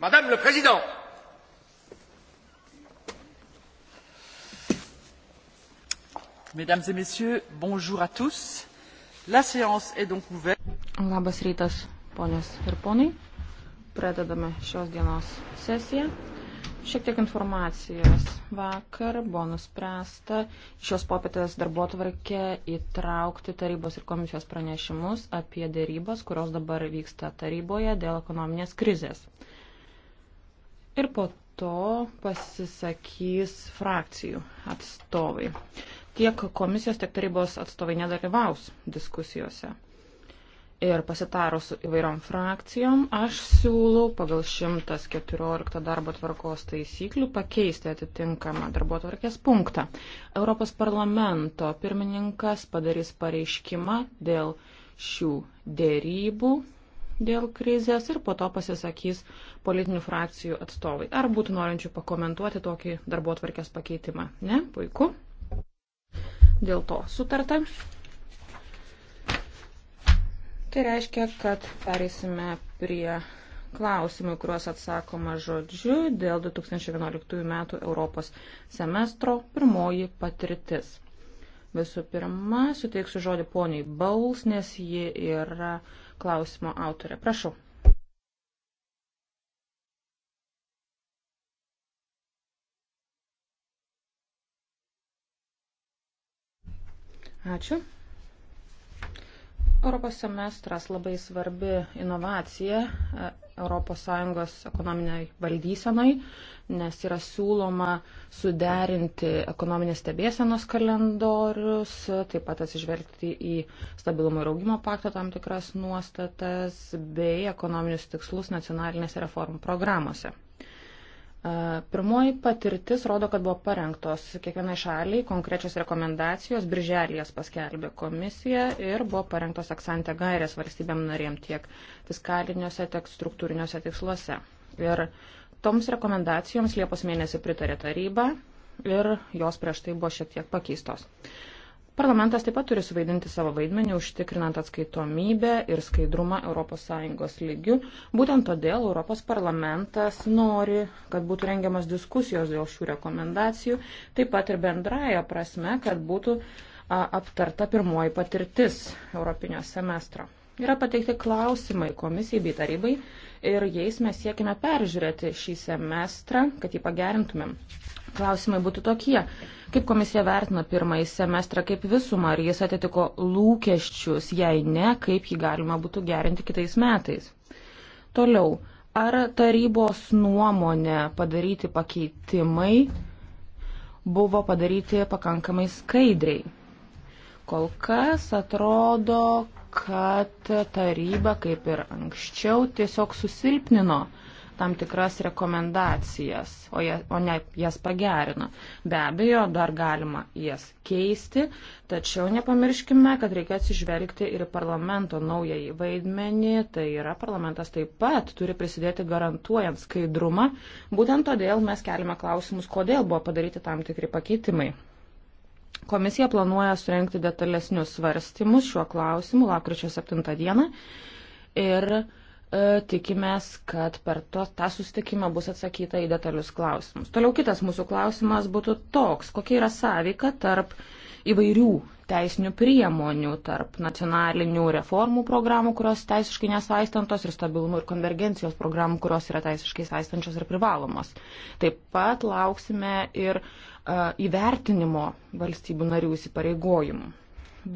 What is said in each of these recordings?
Madame le Président, Mesdames et Messieurs, bonjour à tous. La séance est donc ouverte. Labas rytas, ponios ir ponai. Pradedame šios dienos sesiją. Šiek tiek informacijos. Vakar buvo nuspręsta šios popietės darbo tvarkė įtraukti tarybos ir komisijos pranešimus apie dėrybas, kurios dabar vyksta taryboje dėl ekonominės krizės ir po to pasisakys frakcijų atstovai. Tiek komisijos, tiek tarybos atstovai nedalyvaus diskusijose. Ir pasitarus su įvairiom frakcijom, aš siūlau pagal 114 darbo tvarkos taisyklių pakeisti atitinkamą darbo tvarkės punktą. Europos parlamento pirmininkas padarys pareiškimą dėl šių dėrybų dėl krizės ir po to pasisakys politinių frakcijų atstovai. Ar būtų norinčių pakomentuoti tokį darbo atvarkės pakeitimą? Ne, puiku. Dėl to sutarta. Tai reiškia, kad perėsime prie klausimų, kuriuos atsakoma žodžiu dėl 2011 metų Europos semestro pirmoji patirtis. Visų pirma, suteiksiu žodį poniai Bauls, nes ji yra uh, klausimo autorė. Prašau. Ačiū. Europos semestras labai svarbi inovacija ES ekonominiai valdysenai, nes yra siūloma suderinti ekonominės stebėsenos kalendorius, taip pat atsižvelgti į stabilumo ir augimo pakto tam tikras nuostatas bei ekonominius tikslus nacionalinėse reformų programuose. Pirmoji patirtis rodo, kad buvo parengtos kiekvienai šaliai konkrečios rekomendacijos, birželį jas paskelbė komisija ir buvo parengtos aksantė gairės valstybėm narėm tiek fiskaliniuose, tiek struktūriniuose tiksluose. Ir toms rekomendacijoms Liepos mėnesį pritarė taryba ir jos prieš tai buvo šiek tiek pakeistos. Parlamentas taip pat turi suvaidinti savo vaidmenį, užtikrinant atskaitomybę ir skaidrumą ES lygių. Būtent todėl Europos parlamentas nori, kad būtų rengiamas diskusijos dėl šių rekomendacijų, taip pat ir bendraja prasme, kad būtų aptarta pirmoji patirtis Europinio semestro. Yra pateikti klausimai komisijai bei tarybai ir jais mes siekime peržiūrėti šį semestrą, kad jį pagerintumėm. Klausimai būtų tokie Kaip komisija vertina pirmąjį semestrą kaip visumą, ar jis atitiko lūkesčius, jei ne, kaip jį galima būtų gerinti kitais metais? Toliau, ar tarybos nuomonė padaryti pakeitimai buvo padaryti pakankamai skaidriai? Kol kas atrodo, kad taryba, kaip ir anksčiau, tiesiog susilpnino tam tikras rekomendacijas, o, jas, o ne jas pagerino. Be abejo, dar galima jas keisti, tačiau nepamirškime, kad reikia atsižvelgti ir parlamento naująjį vaidmenį. Tai yra, parlamentas taip pat turi prisidėti garantuojant skaidrumą. Būtent todėl mes keliame klausimus, kodėl buvo padaryti tam tikri pakeitimai. Komisija planuoja surenkti detalesnius svarstymus šiuo klausimu lapkričio 7 dieną. Ir E, tikimės, kad per to, tą susitikimą bus atsakyta į detalius klausimus. Toliau kitas mūsų klausimas būtų toks, kokia yra sąveika tarp įvairių teisinių priemonių, tarp nacionalinių reformų programų, kurios teisiškai nesaistantos, ir stabilumo ir konvergencijos programų, kurios yra teisiškai saistančios ir privalomos. Taip pat lauksime ir uh, įvertinimo valstybių narių įsipareigojimų.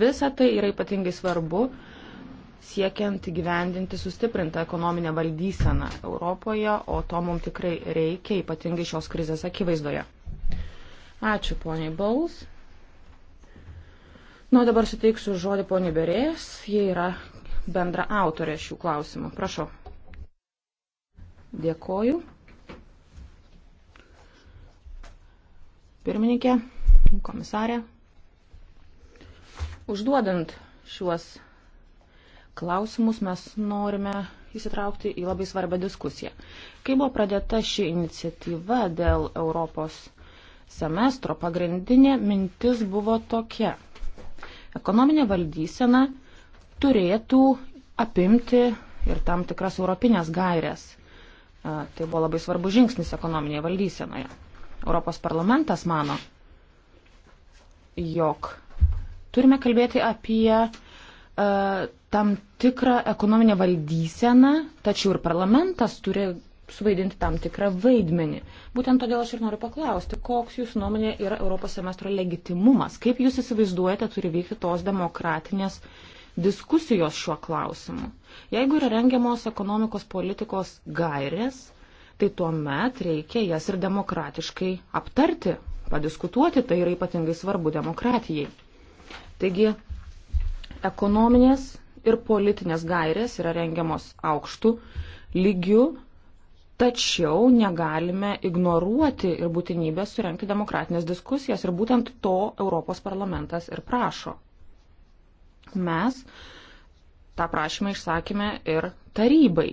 Visa tai yra ypatingai svarbu, uh, siekiant gyvendinti sustiprintą ekonominę valdyseną Europoje, o to mums tikrai reikia, ypatingai šios krizės akivaizdoje. Ačiū poniai Baus. Nu, dabar suteiksiu žodį poniai Berės, jie yra bendra autorė šių klausimų. Prašau. Dėkoju. Pirmininkė, komisarė. Užduodant šiuos klausimus mes norime įsitraukti į labai svarbę diskusiją. Kai buvo pradėta ši iniciatyva dėl Europos semestro, pagrindinė mintis buvo tokia. Ekonominė valdysena turėtų apimti ir tam tikras europinės gairės. Tai buvo labai svarbu žingsnis ekonominėje valdysenoje. Europos parlamentas mano, jog turime kalbėti apie uh, tam tikrą ekonominę valdyseną, tačiau ir parlamentas turi suvaidinti tam tikrą vaidmenį. Būtent todėl aš ir noriu paklausti, koks jūsų nuomonė yra Europos semestro legitimumas, kaip jūs įsivaizduojate turi vykti tos demokratinės diskusijos šiuo klausimu. Jeigu yra rengiamos ekonomikos politikos gairės, tai tuomet reikia jas ir demokratiškai aptarti, padiskutuoti, tai yra ypatingai svarbu demokratijai. Taigi, ekonominės ir politinės gairės yra rengiamos aukštų lygių, tačiau negalime ignoruoti ir būtinybės surenkti demokratinės diskusijas ir būtent to Europos parlamentas ir prašo. Mes tą prašymą išsakėme ir tarybai.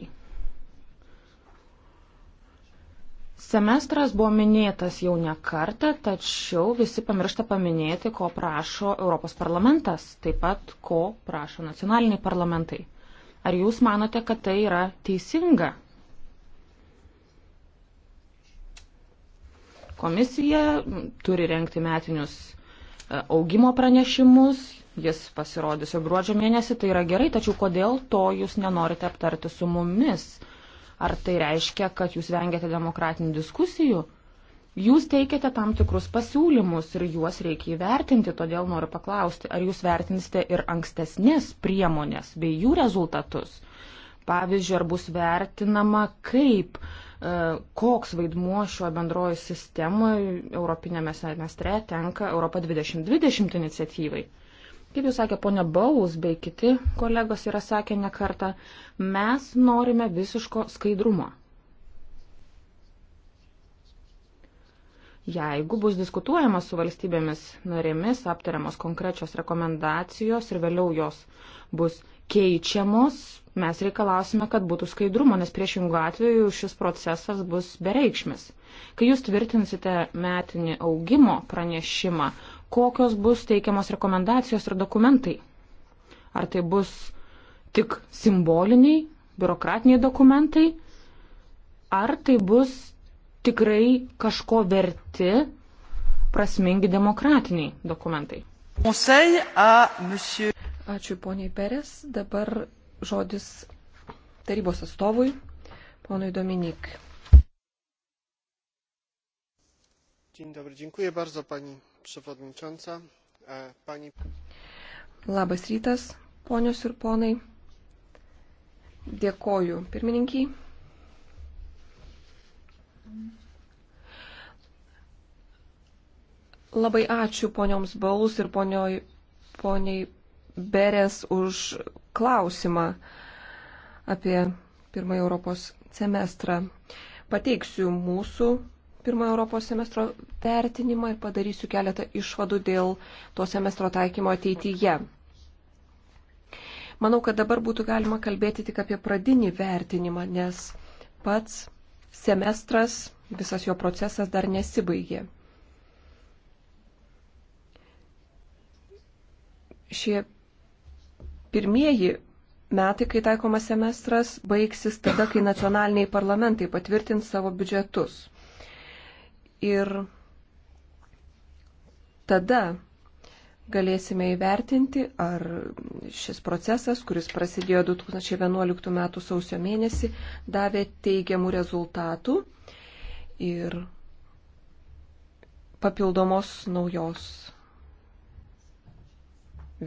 Semestras buvo minėtas jau ne kartą, tačiau visi pamiršta paminėti, ko prašo Europos parlamentas, taip pat ko prašo nacionaliniai parlamentai. Ar jūs manote, kad tai yra teisinga? Komisija turi renkti metinius e, augimo pranešimus, jis pasirodys jau gruodžio mėnesį, tai yra gerai, tačiau kodėl to jūs nenorite aptarti su mumis? Ar tai reiškia, kad jūs vengiate demokratinių diskusijų? Jūs teikiate tam tikrus pasiūlymus ir juos reikia įvertinti, todėl noriu paklausti, ar jūs vertinsite ir ankstesnės priemonės bei jų rezultatus? Pavyzdžiui, ar bus vertinama, kaip, e, koks vaidmuo šio bendrojo sistemoje Europinėme semestre tenka Europa 2020 iniciatyvai? Kaip jau sakė ponia Baus bei kiti kolegos yra sakę ne kartą, mes norime visiško skaidrumo. Jeigu bus diskutuojama su valstybėmis narėmis, aptariamos konkrečios rekomendacijos ir vėliau jos bus keičiamos, mes reikalausime, kad būtų skaidrumo, nes priešingų atveju šis procesas bus bereikšmis. Kai jūs tvirtinsite metinį augimo pranešimą, kokios bus teikiamos rekomendacijos ir dokumentai. Ar tai bus tik simboliniai, biurokratiniai dokumentai, ar tai bus tikrai kažko verti, prasmingi demokratiniai dokumentai. Ačiū poniai Perės. Dabar žodis tarybos atstovui, ponui Dominik. Dzień dobry, dziękuję bardzo pani E, Labas rytas, ponios ir ponai. Dėkoju pirmininkiai. Labai ačiū ponioms Balus ir ponioj, poniai Beres už klausimą apie pirmąjį Europos semestrą. Pateiksiu mūsų pirmojo Europos semestro vertinimą ir padarysiu keletą išvadų dėl to semestro taikymo ateityje. Manau, kad dabar būtų galima kalbėti tik apie pradinį vertinimą, nes pats semestras, visas jo procesas dar nesibaigė. Šie pirmieji metai, kai taikomas semestras, baigsis tada, kai nacionaliniai parlamentai patvirtins savo biudžetus ir tada galėsime įvertinti, ar šis procesas, kuris prasidėjo 2011 m. sausio mėnesį, davė teigiamų rezultatų ir papildomos naujos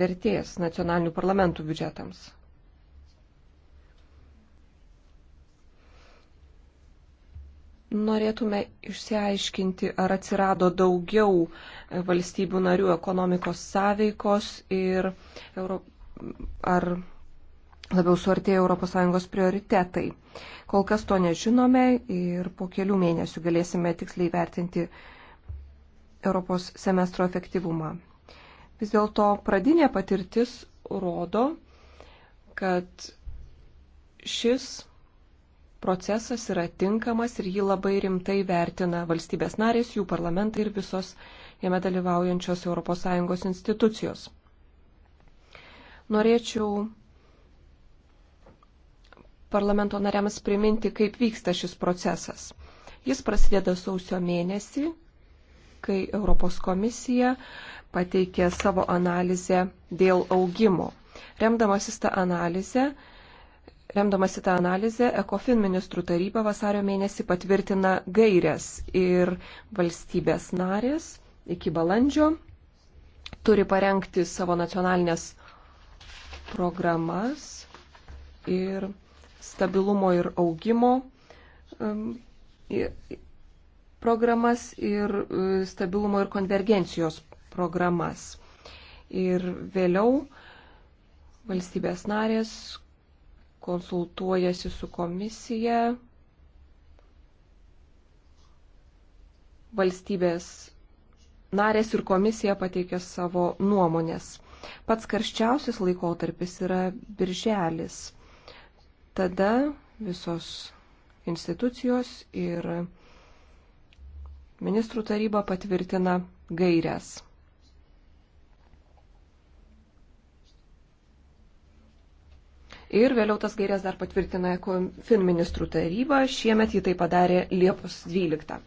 vertės nacionalinių parlamentų biudžetams. norėtume išsiaiškinti, ar atsirado daugiau e, valstybių narių ekonomikos sąveikos ir Euro... ar labiau suartėjo ES prioritetai. Kol kas to nežinome ir po kelių mėnesių galėsime tiksliai vertinti Europos semestro efektyvumą. Vis dėlto pradinė patirtis rodo, kad šis procesas yra tinkamas ir jį labai rimtai vertina valstybės narės, jų parlamentai ir visos jame dalyvaujančios ES institucijos. Norėčiau parlamento nariams priminti, kaip vyksta šis procesas. Jis prasideda sausio mėnesį, kai Europos komisija pateikė savo analizę dėl augimo. Remdamasis tą analizę, Remdamasi tą analizę, ECOFIN ministrų taryba vasario mėnesį patvirtina gairias ir valstybės narės iki balandžio turi parengti savo nacionalinės programas ir stabilumo ir augimo um, programas ir e, stabilumo ir konvergencijos programas. Ir vėliau valstybės narės konsultuojasi su komisija, valstybės narės ir komisija pateikė savo nuomonės. Pats karščiausias laikotarpis yra birželis. Tada visos institucijos ir ministrų taryba patvirtina gairias. ir vėliau tas gairias dar patvirtina fin ministrų taryba, šiemet jį tai padarė Liepos 12.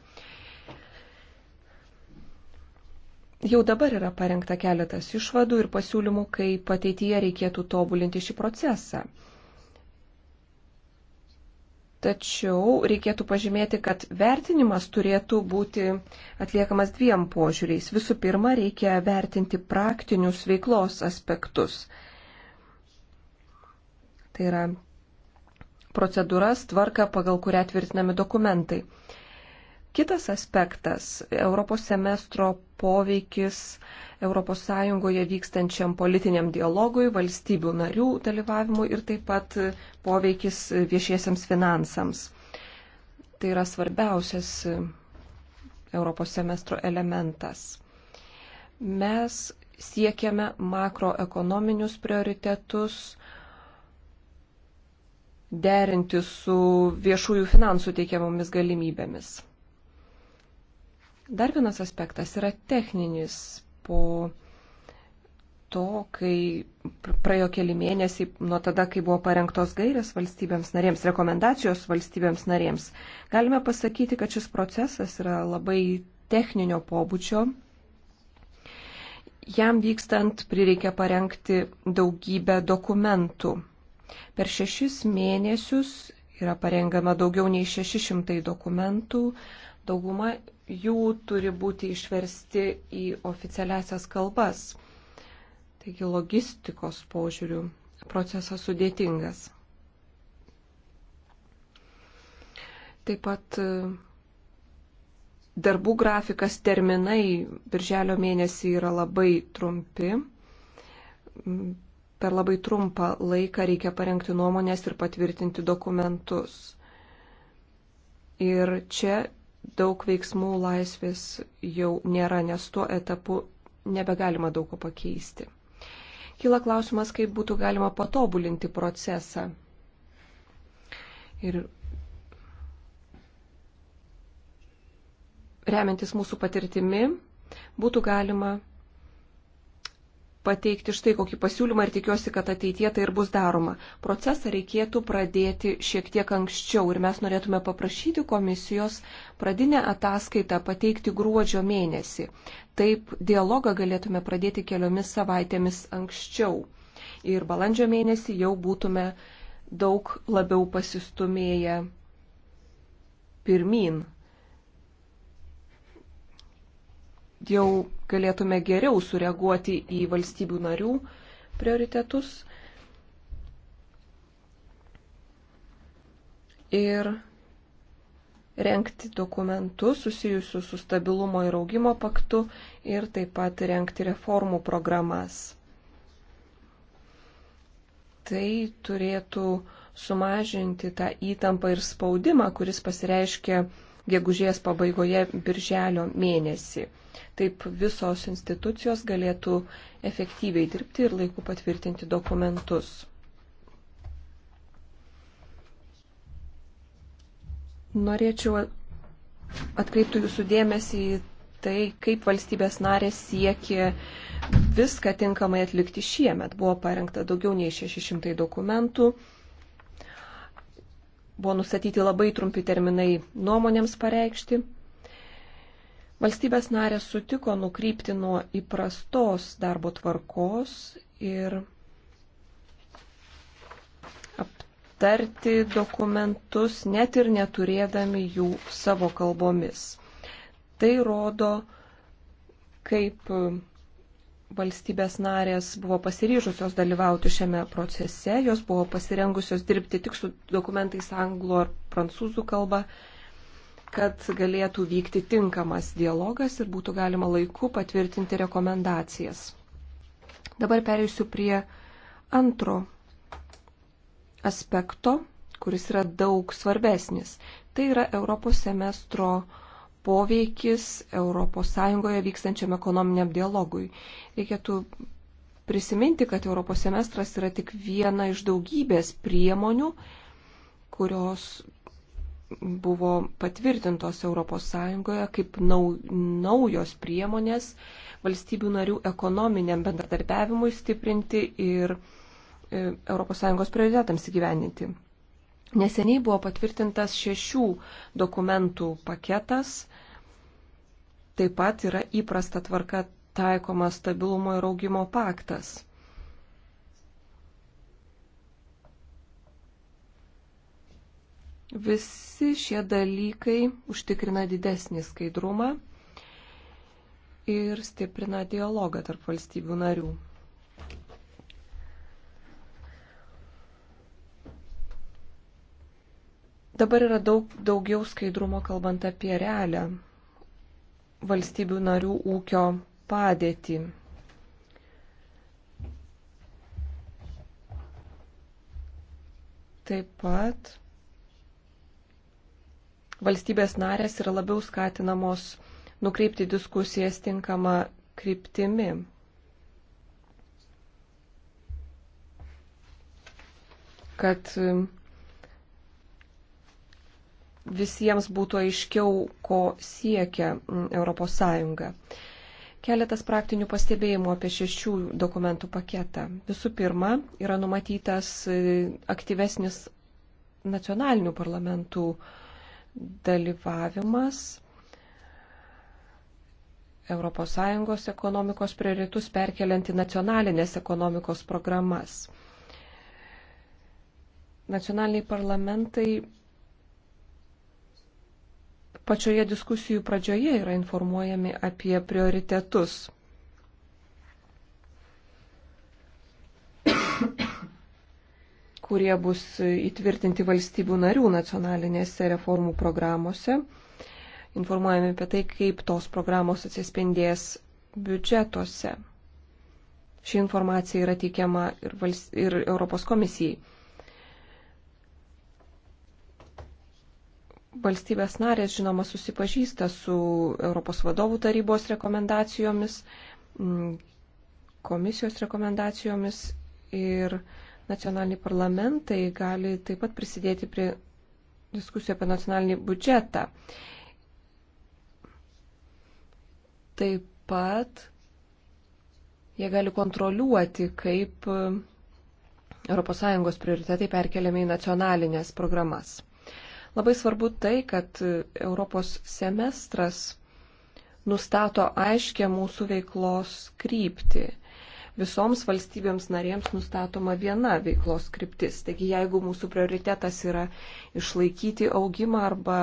Jau dabar yra parengta keletas išvadų ir pasiūlymų, kaip ateityje reikėtų tobulinti šį procesą. Tačiau reikėtų pažymėti, kad vertinimas turėtų būti atliekamas dviem požiūriais. Visų pirma, reikia vertinti praktinius veiklos aspektus. Tai yra procedūras, tvarka, pagal kurią tvirtinami dokumentai. Kitas aspektas - Europos semestro poveikis ES vykstančiam politiniam dialogui, valstybių narių dalyvavimui ir taip pat poveikis viešiesiams finansams. Tai yra svarbiausias Europos semestro elementas. Mes siekiame makroekonominius prioritetus, derinti su viešųjų finansų teikiamomis galimybėmis. Dar vienas aspektas yra techninis po to, kai praėjo keli mėnesiai nuo tada, kai buvo parengtos gairės valstybėms narėms, rekomendacijos valstybėms narėms, galime pasakyti, kad šis procesas yra labai techninio pobūdžio. Jam vykstant prireikia parengti daugybę dokumentų. Per šešis mėnesius yra parengama daugiau nei 600 dokumentų, dauguma jų turi būti išversti į oficialiasias kalbas. Taigi logistikos požiūrių procesas sudėtingas. Taip pat e, darbų grafikas terminai birželio mėnesį yra labai trumpi per labai trumpą laiką reikia parengti nuomonės ir patvirtinti dokumentus. Ir čia daug veiksmų laisvės jau nėra, nes tuo etapu nebegalima daug ko pakeisti. Kila klausimas, kaip būtų galima patobulinti procesą. Ir remiantis mūsų patirtimi, būtų galima pateikti štai kokį pasiūlymą ir tikiuosi, kad ateitie tai ir bus daroma. Procesą reikėtų pradėti šiek tiek anksčiau ir mes norėtume paprašyti komisijos pradinę ataskaitą pateikti gruodžio mėnesį. Taip dialogą galėtume pradėti keliomis savaitėmis anksčiau. Ir balandžio mėnesį jau būtume daug labiau pasistumėję pirmin jau galėtume geriau sureaguoti į valstybių narių prioritetus. Ir renkti dokumentus susijusius su stabilumo ir augimo paktu ir taip pat renkti reformų programas. Tai turėtų sumažinti tą įtampą ir spaudimą, kuris pasireiškia gegužės pabaigoje birželio mėnesį. Taip visos institucijos galėtų efektyviai dirbti ir laiku patvirtinti dokumentus. Norėčiau atkreipti jūsų dėmesį į tai, kaip valstybės narės siekia viską tinkamai atlikti šiemet. Buvo parengta daugiau nei 600 dokumentų, Buvo nustatyti labai trumpi terminai nuomonėms pareikšti. Valstybės narės sutiko nukrypti nuo įprastos darbo tvarkos ir aptarti dokumentus net ir neturėdami jų savo kalbomis. Tai rodo, kaip valstybės narės buvo pasiryžusios dalyvauti šiame procese, jos buvo pasirengusios dirbti tik su dokumentais anglų ar prancūzų kalba, kad galėtų vykti tinkamas dialogas ir būtų galima laiku patvirtinti rekomendacijas. Dabar pereisiu prie antro aspekto, kuris yra daug svarbesnis. Tai yra Europos semestro poveikis ES vykstančiam ekonominiam dialogui. Reikėtų prisiminti, kad Europos semestras yra tik viena iš daugybės priemonių, kurios buvo patvirtintos ES kaip naujos priemonės valstybių narių ekonominiam bendradarbiavimui stiprinti ir ES prioritetams įgyveninti. Neseniai buvo patvirtintas šešių dokumentų paketas. Taip pat yra įprasta tvarka taikoma stabilumo ir augimo paktas. Visi šie dalykai užtikrina didesnį skaidrumą ir stiprina dialogą tarp valstybių narių. Dabar yra daug daugiau skaidrumo kalbant apie realią valstybių narių ūkio padėtį. Taip pat valstybės narės yra labiau skatinamos nukreipti diskusijas tinkamą kryptimi. Kad visiems būtų aiškiau, ko siekia mm, ES. Keletas praktinių pastebėjimų apie šešių dokumentų paketą. Visų pirma, yra numatytas e, aktyvesnis nacionalinių parlamentų dalyvavimas ES ekonomikos prioritus perkeliant į nacionalinės ekonomikos programas. Nacionaliniai parlamentai pačioje diskusijų pradžioje yra informuojami apie prioritetus. kurie bus įtvirtinti valstybių narių nacionalinėse reformų programuose. Informuojame apie tai, kaip tos programos atsispindės biudžetuose. Ši informacija yra teikiama ir, valst... ir Europos komisijai. Valstybės narės, žinoma, susipažįsta su Europos vadovų tarybos rekomendacijomis, mm, komisijos rekomendacijomis ir nacionaliniai parlamentai gali taip pat prisidėti prie diskusijų apie nacionalinį biudžetą. Taip pat jie gali kontroliuoti, kaip ES prioritetai perkeliami į nacionalinės programas. Labai svarbu tai, kad Europos semestras nustato aiškę mūsų veiklos kryptį. Visoms valstybėms narėms nustatoma viena veiklos kryptis. Taigi jeigu mūsų prioritetas yra išlaikyti augimą arba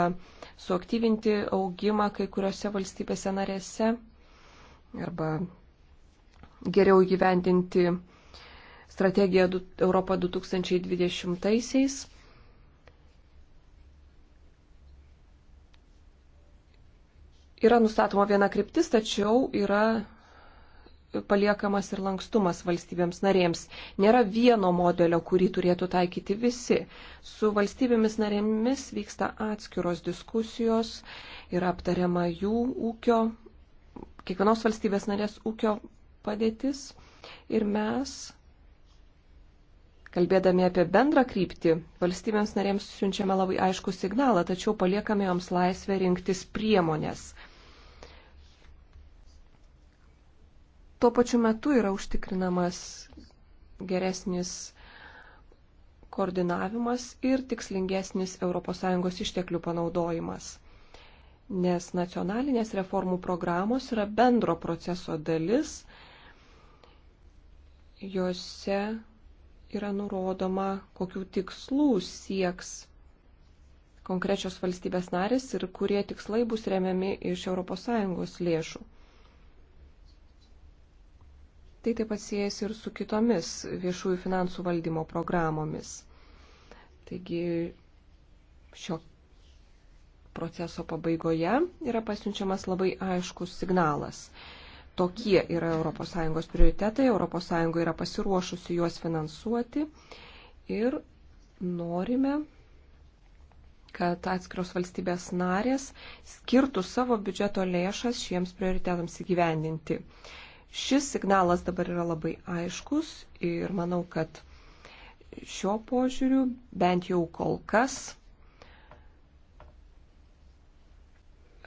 suaktyvinti augimą kai kuriuose valstybėse narėse arba geriau įgyvendinti strategiją Europa 2020-aisiais, yra nustatoma viena kryptis, tačiau yra paliekamas ir lankstumas valstybėms narėms. Nėra vieno modelio, kurį turėtų taikyti visi. Su valstybėmis narėmis vyksta atskiros diskusijos, yra aptariama jų ūkio, kiekvienos valstybės narės ūkio padėtis. Ir mes, kalbėdami apie bendrą kryptį, valstybėms narėms siunčiame labai aišku signalą, tačiau paliekame joms laisvę rinktis priemonės tuo pačiu metu yra užtikrinamas geresnis koordinavimas ir tikslingesnis ES išteklių panaudojimas. Nes nacionalinės reformų programos yra bendro proceso dalis, jose yra nurodoma, kokių tikslų sieks konkrečios valstybės narės ir kurie tikslai bus remiami iš ES lėšų. Tai taip pat siejasi ir su kitomis viešųjų finansų valdymo programomis. Taigi šio proceso pabaigoje yra pasiunčiamas labai aiškus signalas. Tokie yra ES prioritetai, ES yra pasiruošusi juos finansuoti ir norime, kad atskiros valstybės narės skirtų savo biudžeto lėšas šiems prioritetams įgyvendinti. Uh, Šis signalas dabar yra labai aiškus ir manau, kad šio požiūriu bent jau kol kas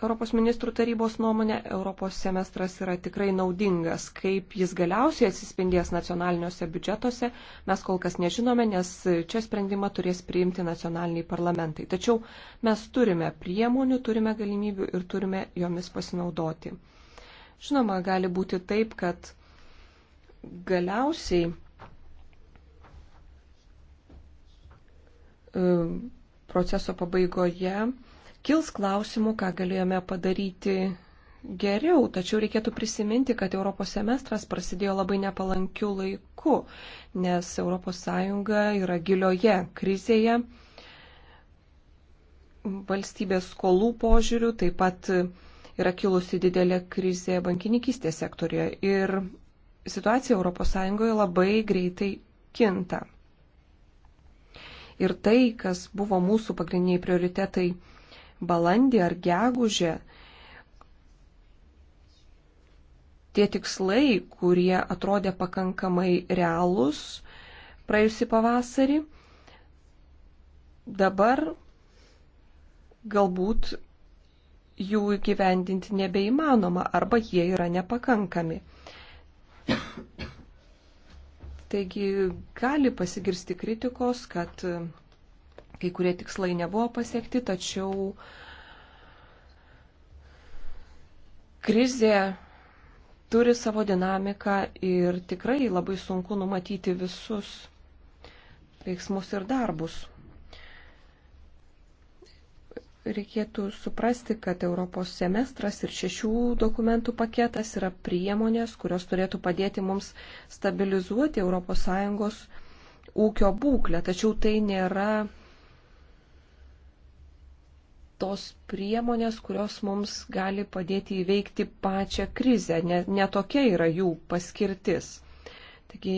Europos ministrų tarybos nuomonė, Europos semestras yra tikrai naudingas. Kaip jis galiausiai atsispindės nacionaliniuose biudžetuose, mes kol kas nežinome, nes čia sprendimą turės priimti nacionaliniai parlamentai. Tačiau mes turime priemonių, turime galimybių ir turime jomis pasinaudoti. Žinoma, gali būti taip, kad galiausiai e, proceso pabaigoje kils klausimų, ką galėjome padaryti geriau, tačiau reikėtų prisiminti, kad Europos semestras prasidėjo labai nepalankiu laiku, nes ES yra gilioje krizėje valstybės skolų požiūrių, taip pat yra kilusi didelė krizė bankininkystės sektorija ir situacija ES labai greitai kinta. Ir tai, kas buvo mūsų pagrindiniai prioritetai balandį ar gegužę, tie tikslai, kurie atrodė pakankamai realūs praėjusi pavasarį, dabar galbūt jų įgyvendinti nebeįmanoma arba jie yra nepakankami. Taigi gali pasigirsti kritikos, kad kai kurie tikslai nebuvo pasiekti, tačiau krizė turi savo dinamiką ir tikrai labai sunku numatyti visus veiksmus ir darbus reikėtų suprasti, kad Europos semestras ir šešių dokumentų paketas yra priemonės, kurios turėtų padėti mums stabilizuoti ES ūkio būklę. Tačiau tai nėra tos priemonės, kurios mums gali padėti įveikti pačią krizę. Netokia ne, ne yra jų paskirtis. Taigi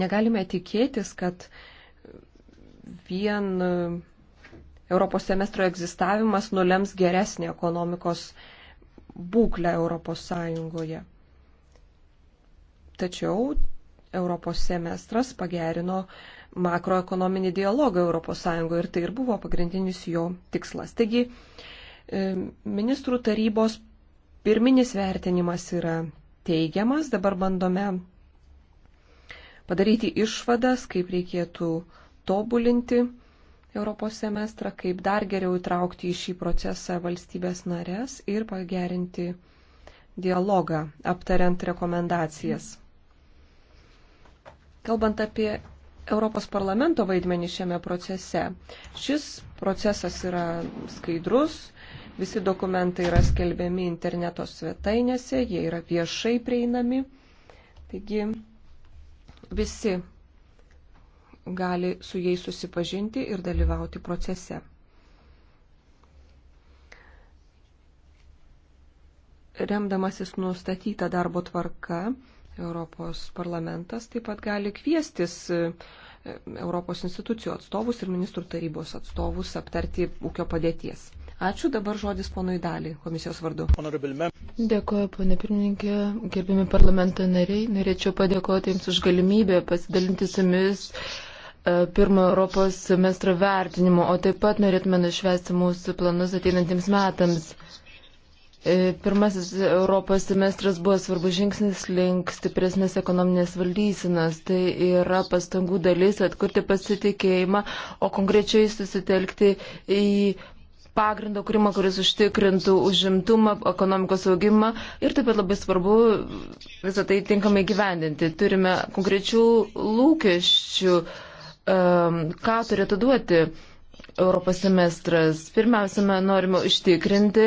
negalime tikėtis, kad vien Europos semestro egzistavimas nulems geresnį ekonomikos būklę Europos Sąjungoje. Tačiau Europos semestras pagerino makroekonominį dialogą Europos Sąjungoje ir tai ir buvo pagrindinis jo tikslas. Taigi, e, ministrų tarybos pirminis vertinimas yra teigiamas, dabar bandome padaryti išvadas, kaip reikėtų tobulinti Europos semestrą, kaip dar geriau įtraukti į šį procesą valstybės narės ir pagerinti dialogą, aptariant rekomendacijas. Kalbant apie Europos parlamento vaidmenį šiame procese, šis procesas yra skaidrus, visi dokumentai yra skelbiami interneto svetainėse, jie yra viešai prieinami. Taigi visi gali su jais susipažinti ir dalyvauti procese. Remdamasis nustatytą darbo tvarką, Europos parlamentas taip pat gali kviestis e, Europos institucijų atstovus ir ministrų tarybos atstovus aptarti ūkio padėties. Ačiū dabar žodis ponui Dalį, komisijos vardu. Dėkuoju, ponė pirmininkė, gerbimi parlamento nariai. Norėčiau padėkoti Jums už galimybę pasidalinti su Jumis E, pirmo Europos semestro vertinimo, o taip pat norėtume nušvesti mūsų planus ateinantiems metams. E, pirmasis Europos semestras buvo svarbus žingsnis link stipresnės ekonominės valdysinas. Tai yra pastangų dalis atkurti pasitikėjimą, o konkrečiai susitelkti į pagrindo kūrimą, kuris užtikrintų užimtumą, ekonomikos augimą ir taip pat labai svarbu visą tai tinkamai gyvendinti. Turime konkrečių lūkesčių Ehm, ką turėtų duoti Europos semestras. Pirmiausia, norime užtikrinti,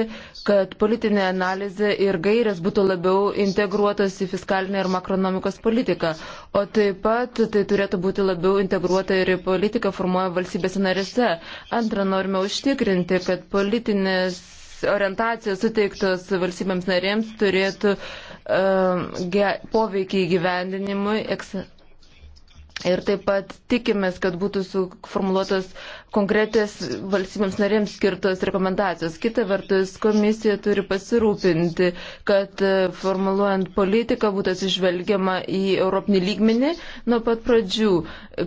kad politinė analizė ir gairės būtų labiau integruotos į fiskalinę ir makronomikos politiką, o taip pat tai turėtų būti labiau integruota ir į politiką formuoja valstybės narėse. Antra, norime užtikrinti, kad politinės orientacijos suteiktos valstybėms narėms turėtų um, poveikį įgyvendinimui, eks Ir taip pat tikimės, kad būtų suformuoluotos konkretės valstybėms narėms skirtos rekomendacijos. Kita vertus, komisija turi pasirūpinti, kad e, formuluojant politiką būtų atsižvelgiama į europinį lygmenį nuo pat pradžių,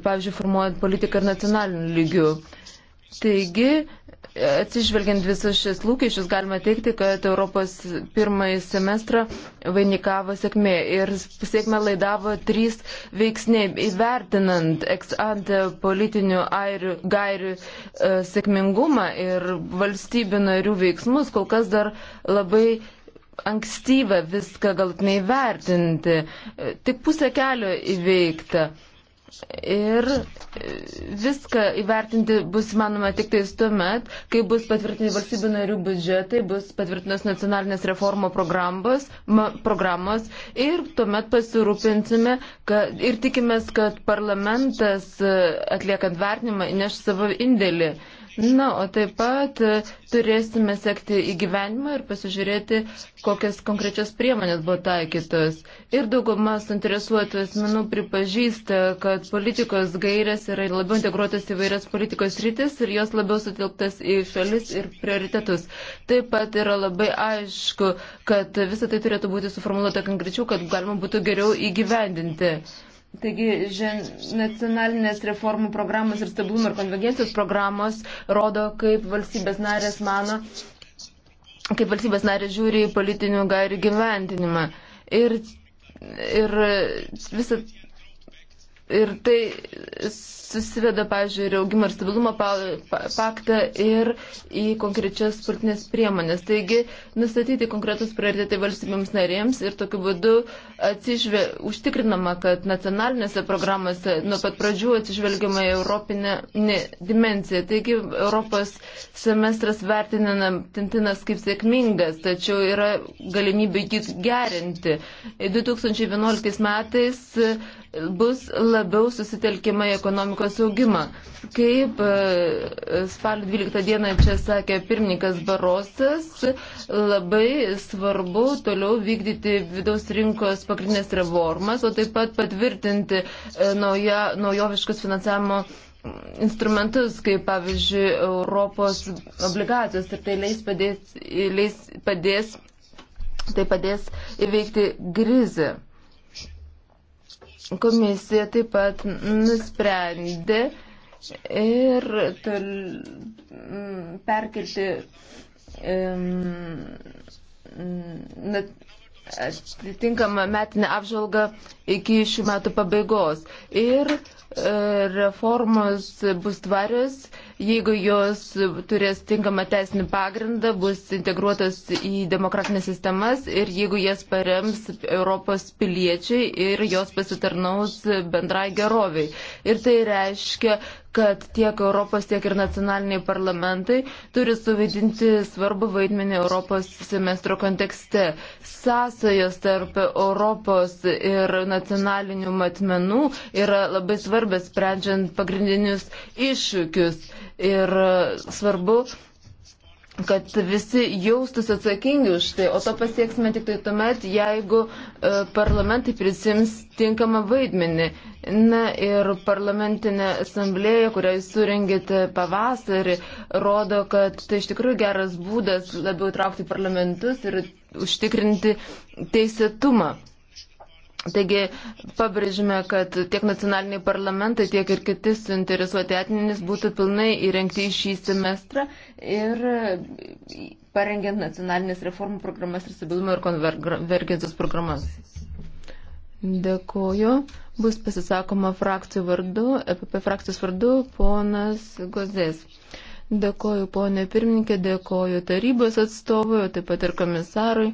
pavyzdžiui, formuojant politiką ir nacionaliniu lygiu. Taigi, Atsižvelgiant visus šis lūkesčius, galima teikti, kad Europos pirmąjį semestrą vainikavo sėkmė ir sėkmę laidavo trys veiksniai, įvertinant ex-ant politinių airių, gairių e, sėkmingumą ir valstybių narių veiksmus, kol kas dar labai ankstyva viską galtinai vertinti, e, tik pusę kelio įveikta. Ir e, viską įvertinti bus manoma tik tais tuomet, kai bus patvirtinti valstybių narių biudžetai, bus patvirtinas nacionalinės reformo programos, ma, programos ir tuomet pasirūpinsime kad, ir tikimės, kad parlamentas e, atliekant vertinimą neš savo indėlį. Na, o taip pat e, turėsime sekti įgyvenimą ir pasižiūrėti, kokias konkrečias priemonės buvo taikytos. Ir dauguma suinteresuotų asmenų pripažįsta, kad politikos gairės yra labiau integruotas į vairias politikos rytis ir jos labiau sutilptas į šalis ir prioritetus. Taip pat yra labai aišku, kad visą tai turėtų būti suformuoluota konkrečiau, kad galima būtų geriau įgyvendinti. Taigi žen, nacionalinės reformų programos ir stabilumo ir konvergencijos programos rodo, kaip valstybės narės mano, kaip valstybės narės žiūri į politinių gairių gyventinimą. Ir, ir visą Ir tai susiveda, pavyzdžiui, ir augimo ir stabilumo paktą ir į konkrečias sportinės priemonės. Taigi, nustatyti konkretus prioritetai valstybėms narėms ir tokiu būdu atsižvė, užtikrinama, kad nacionalinėse programuose nuo pat pradžių atsižvelgiama į europinę ne, dimenciją. Taigi, Europos semestras vertinamas kaip sėkmingas, tačiau yra galimybė jį gerinti. 2011 metais bus labai labiau susitelkima į ekonomikos augimą. Kaip e, spalio 12 dieną čia sakė pirmininkas Barosas, labai svarbu toliau vykdyti vidaus rinkos pagrindinės reformas, o taip pat patvirtinti e, nauja, naujoviškus finansavimo instrumentus, kaip pavyzdžiui Europos obligacijos ir tai leis padės, leis padės, tai padės įveikti krizę. Komisija taip pat nusprendė ir perkelti um, atitinkamą metinę apžvalgą iki šių metų pabaigos. Ir uh, reformos bus tvarios, jeigu jos turės tinkamą teisinį pagrindą, bus integruotos į demokratinės sistemas ir jeigu jas parems Europos piliečiai ir jos pasitarnaus bendrai geroviai. Ir tai reiškia, kad tiek Europos, tiek ir nacionaliniai parlamentai turi suvaidinti svarbu vaidmenį Europos semestro kontekste. Sąsajos tarp Europos ir nacionalinių matmenų yra labai svarbės, sprendžiant pagrindinius iššūkius. Ir svarbu kad visi jaustųsi atsakingi už tai, o to pasieksime tik tai tuomet, jeigu e, parlamentai prisims tinkamą vaidmenį. Na ir parlamentinė asamblėja, kurią jūs surengėte pavasarį, rodo, kad tai iš tikrųjų geras būdas labiau traukti parlamentus ir užtikrinti teisėtumą. Taigi pabrėžime, kad tiek nacionaliniai parlamentai, tiek ir kiti suinteresuoti atmenys būtų pilnai įrengti šį semestrą ir parengiant nacionalinės reformų programas ir stabilumo ir konvergencijos programas. Dėkuoju. Bus pasisakoma frakcijų vardu, EPP frakcijos vardu, ponas Gozės. Dėkuoju ponė pirmininkė, dėkuoju tarybos atstovui, taip pat ir komisarui.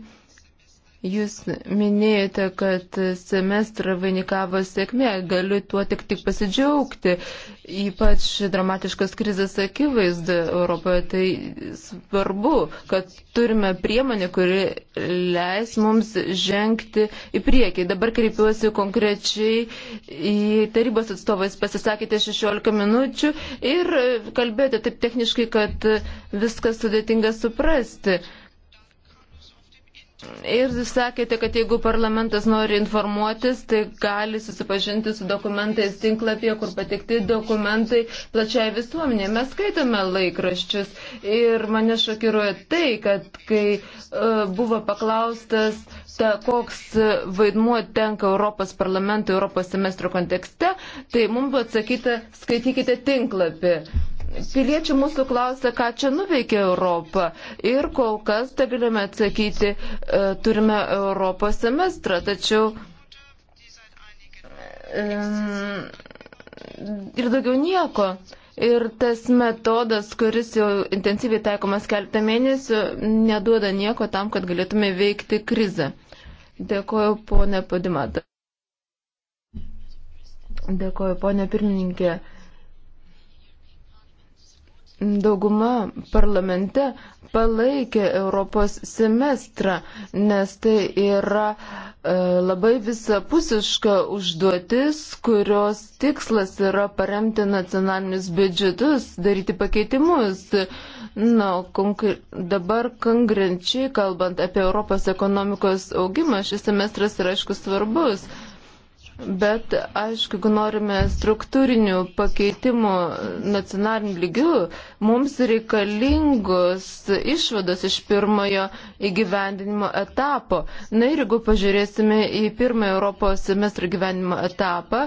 Jūs minėjote, kad semestrą vainikavo sėkmė, galiu tuo tik, tik pasidžiaugti. Ypač dramatiškas krizės akivaizda Europoje, tai svarbu, kad turime priemonę, kuri leis mums žengti į priekį. Dabar kreipiuosi konkrečiai į tarybos atstovais, pasisakėte 16 minučių ir kalbėjote taip techniškai, kad viskas sudėtinga suprasti. Ir sakėte, kad jeigu parlamentas nori informuotis, tai gali susipažinti su dokumentais tinklapyje, kur patikti dokumentai plačiai visuomenė. Mes skaitome laikraščius ir mane šokiruoja tai, kad kai uh, buvo paklaustas, ta, koks vaidmuo tenka Europos parlamentui Europos semestro kontekste, tai mums buvo atsakyta, skaitykite tinklapį. Piliečių mūsų klausia, ką čia nuveikia Europa. Ir kol kas, tai galime atsakyti, e, turime Europos semestrą, tačiau ir daugiau nieko. Ir tas metodas, kuris jau intensyviai taikomas keletą mėnesių, neduoda nieko tam, kad galėtume veikti krizę. Dėkoju, ponė Padimata. Dėkoju, ponė pirmininkė dauguma parlamente palaikė Europos semestrą, nes tai yra e, labai visapusiška užduotis, kurios tikslas yra paremti nacionalinius biudžetus, daryti pakeitimus. Na, konkre dabar konkrečiai kalbant apie Europos ekonomikos augimą, šis semestras yra aišku svarbus. Bet, aišku, jeigu norime struktūrinių pakeitimų nacionalinių lygių, mums reikalingos išvados iš pirmojo įgyvendinimo etapo. Na ir jeigu pažiūrėsime į pirmąją Europos semestro gyvenimo etapą,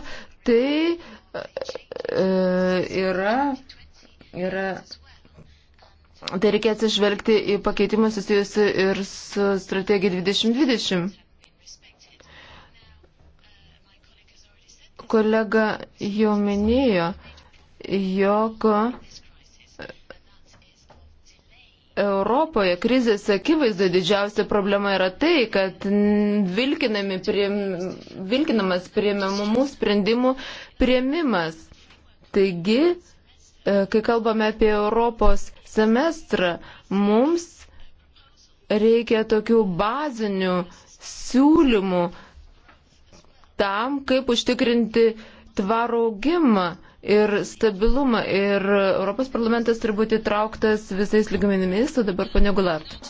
tai e, yra. yra Tai reikia atsižvelgti į pakeitimus susijusiu ir su strategija 2020. kolega jau minėjo, jog Europoje krizės akivaizdu didžiausia problema yra tai, kad prie, vilkinamas prieimamų sprendimų prieimimas. Taigi, e, kai kalbame apie Europos semestrą, mums reikia tokių bazinių siūlymų, tam, kaip užtikrinti tvarų augimą ir stabilumą. Ir Europos parlamentas turi būti trauktas visais lygmenimis, o dabar ponia Gulart.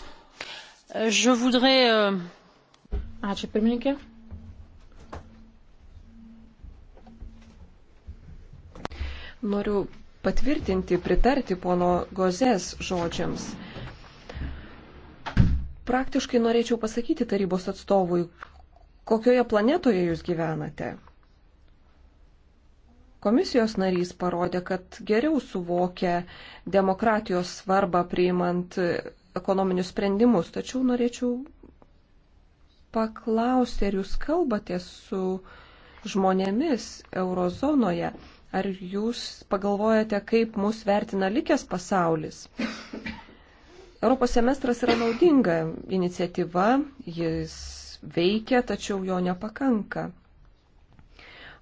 Voudrais... Euh, Ačiū pirmininkė. Noriu patvirtinti, pritarti pono Gozės žodžiams. Praktiškai norėčiau pasakyti tarybos atstovui, kokioje planetoje jūs gyvenate. Komisijos narys parodė, kad geriau suvokia demokratijos svarbą priimant ekonominius sprendimus, tačiau norėčiau paklausti, ar jūs kalbate su žmonėmis eurozonoje, ar jūs pagalvojate, kaip mus vertina likęs pasaulis. Europos semestras yra naudinga iniciatyva, jis veikia, tačiau jo nepakanka.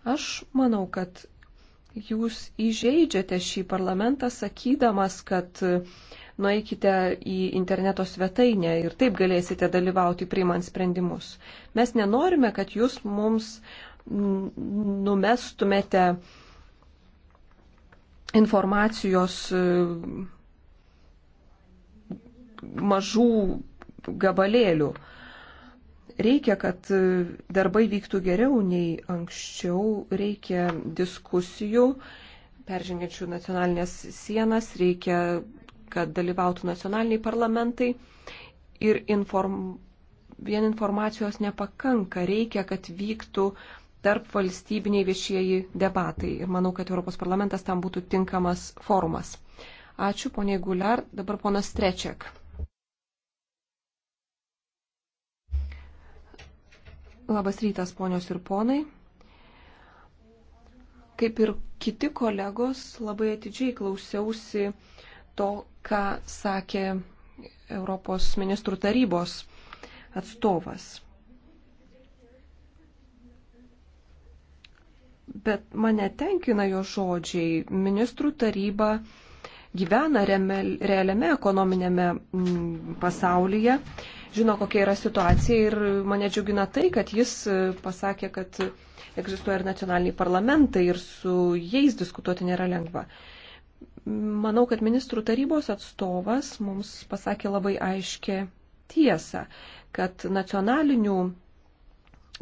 Aš manau, kad jūs įžeidžiate šį parlamentą sakydamas, kad nueikite į interneto svetainę ir taip galėsite dalyvauti priimant sprendimus. Mes nenorime, kad jūs mums numestumėte informacijos e, mažų gabalėlių. Reikia, kad e, darbai vyktų geriau nei anksčiau, reikia diskusijų, peržengiančių nacionalinės sienas, reikia, kad dalyvautų nacionaliniai parlamentai ir inform... vien informacijos nepakanka, reikia, kad vyktų tarp valstybiniai viešieji debatai ir manau, kad Europos parlamentas tam būtų tinkamas forumas. Ačiū, ponė Guliar, dabar ponas Trečiak. Labas rytas, ponios ir ponai. Kaip ir kiti kolegos, labai atidžiai klausiausi to, ką sakė Europos ministrų tarybos atstovas. Bet mane tenkina jo žodžiai. Ministrų taryba gyvena realiame ekonominėme mm, pasaulyje žino, kokia yra situacija ir mane džiugina tai, kad jis e, pasakė, kad egzistuoja ir nacionaliniai parlamentai ir su jais diskutuoti nėra lengva. Manau, kad ministrų tarybos atstovas mums pasakė labai aiškę tiesą, kad nacionalinių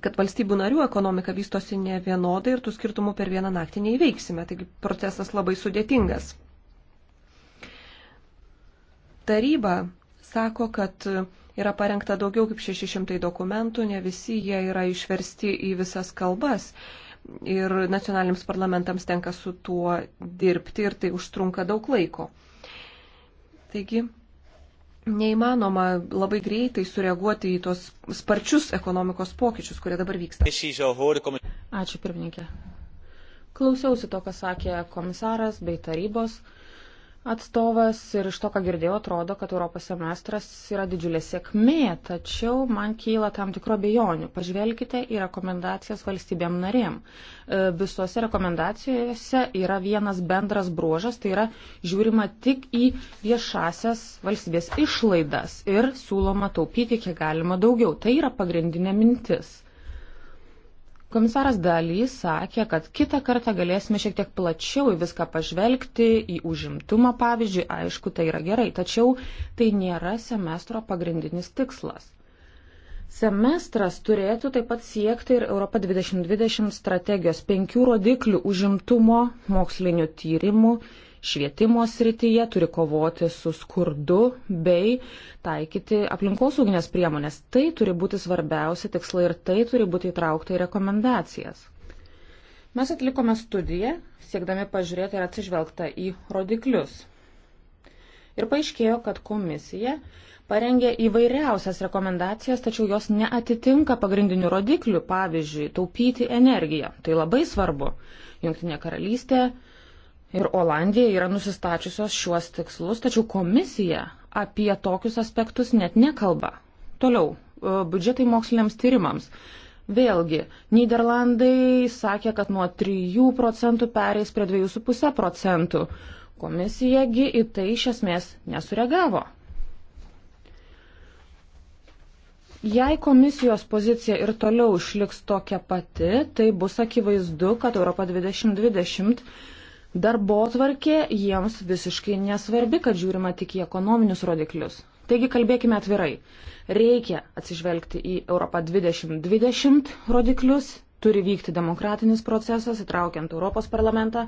kad valstybių narių ekonomika vystosi ne vienodai ir tų skirtumų per vieną naktį neįveiksime. Taigi procesas labai sudėtingas. Taryba sako, kad Yra parengta daugiau kaip 600 dokumentų, ne visi jie yra išversti į visas kalbas. Ir nacionaliniams parlamentams tenka su tuo dirbti ir tai užtrunka daug laiko. Taigi, neįmanoma labai greitai sureaguoti į tos sparčius ekonomikos pokyčius, kurie dabar vyksta. Ačiū, pirmininkė. Klausiausi to, ką sakė komisaras bei tarybos atstovas ir iš to, ką girdėjau, atrodo, kad Europos semestras yra didžiulė sėkmė, tačiau man kyla tam tikro bejonių. Pažvelkite į rekomendacijas valstybėm narėm. E, Visose rekomendacijose yra vienas bendras bruožas, tai yra žiūrima tik į viešasias valstybės išlaidas ir siūloma taupyti kiek galima daugiau. Tai yra pagrindinė mintis. Komisaras Daly sakė, kad kitą kartą galėsime šiek tiek plačiau į viską pažvelgti, į užimtumą pavyzdžiui, aišku, tai yra gerai, tačiau tai nėra semestro pagrindinis tikslas. Semestras turėtų taip pat siekti ir Europa 2020 strategijos penkių rodiklių užimtumo, mokslinių tyrimų švietimo srityje, turi kovoti su skurdu bei taikyti aplinkosauginės priemonės. Tai turi būti svarbiausi tikslai ir tai turi būti įtraukta į rekomendacijas. Mes atlikome studiją, siekdami pažiūrėti ir atsižvelgta į rodiklius. Ir paaiškėjo, kad komisija parengė įvairiausias rekomendacijas, tačiau jos neatitinka pagrindinių rodiklių, pavyzdžiui, taupyti energiją. Tai labai svarbu. Junktinė karalystė ir Olandija yra nusistačiusios šiuos tikslus, tačiau komisija apie tokius aspektus net nekalba. Toliau, e, biudžetai moksliniams tyrimams. Vėlgi, Niderlandai sakė, kad nuo 3 procentų pereis prie 2,5 procentų. Komisijagi į tai iš esmės nesureagavo. Jei komisijos pozicija ir toliau išliks tokia pati, tai bus akivaizdu, kad Europa 2020 darbo tvarkė jiems visiškai nesvarbi, kad žiūrima tik į ekonominius rodiklius. Taigi kalbėkime atvirai. Reikia atsižvelgti į Europą 2020 rodiklius, turi vykti demokratinis procesas, įtraukiant Europos parlamentą,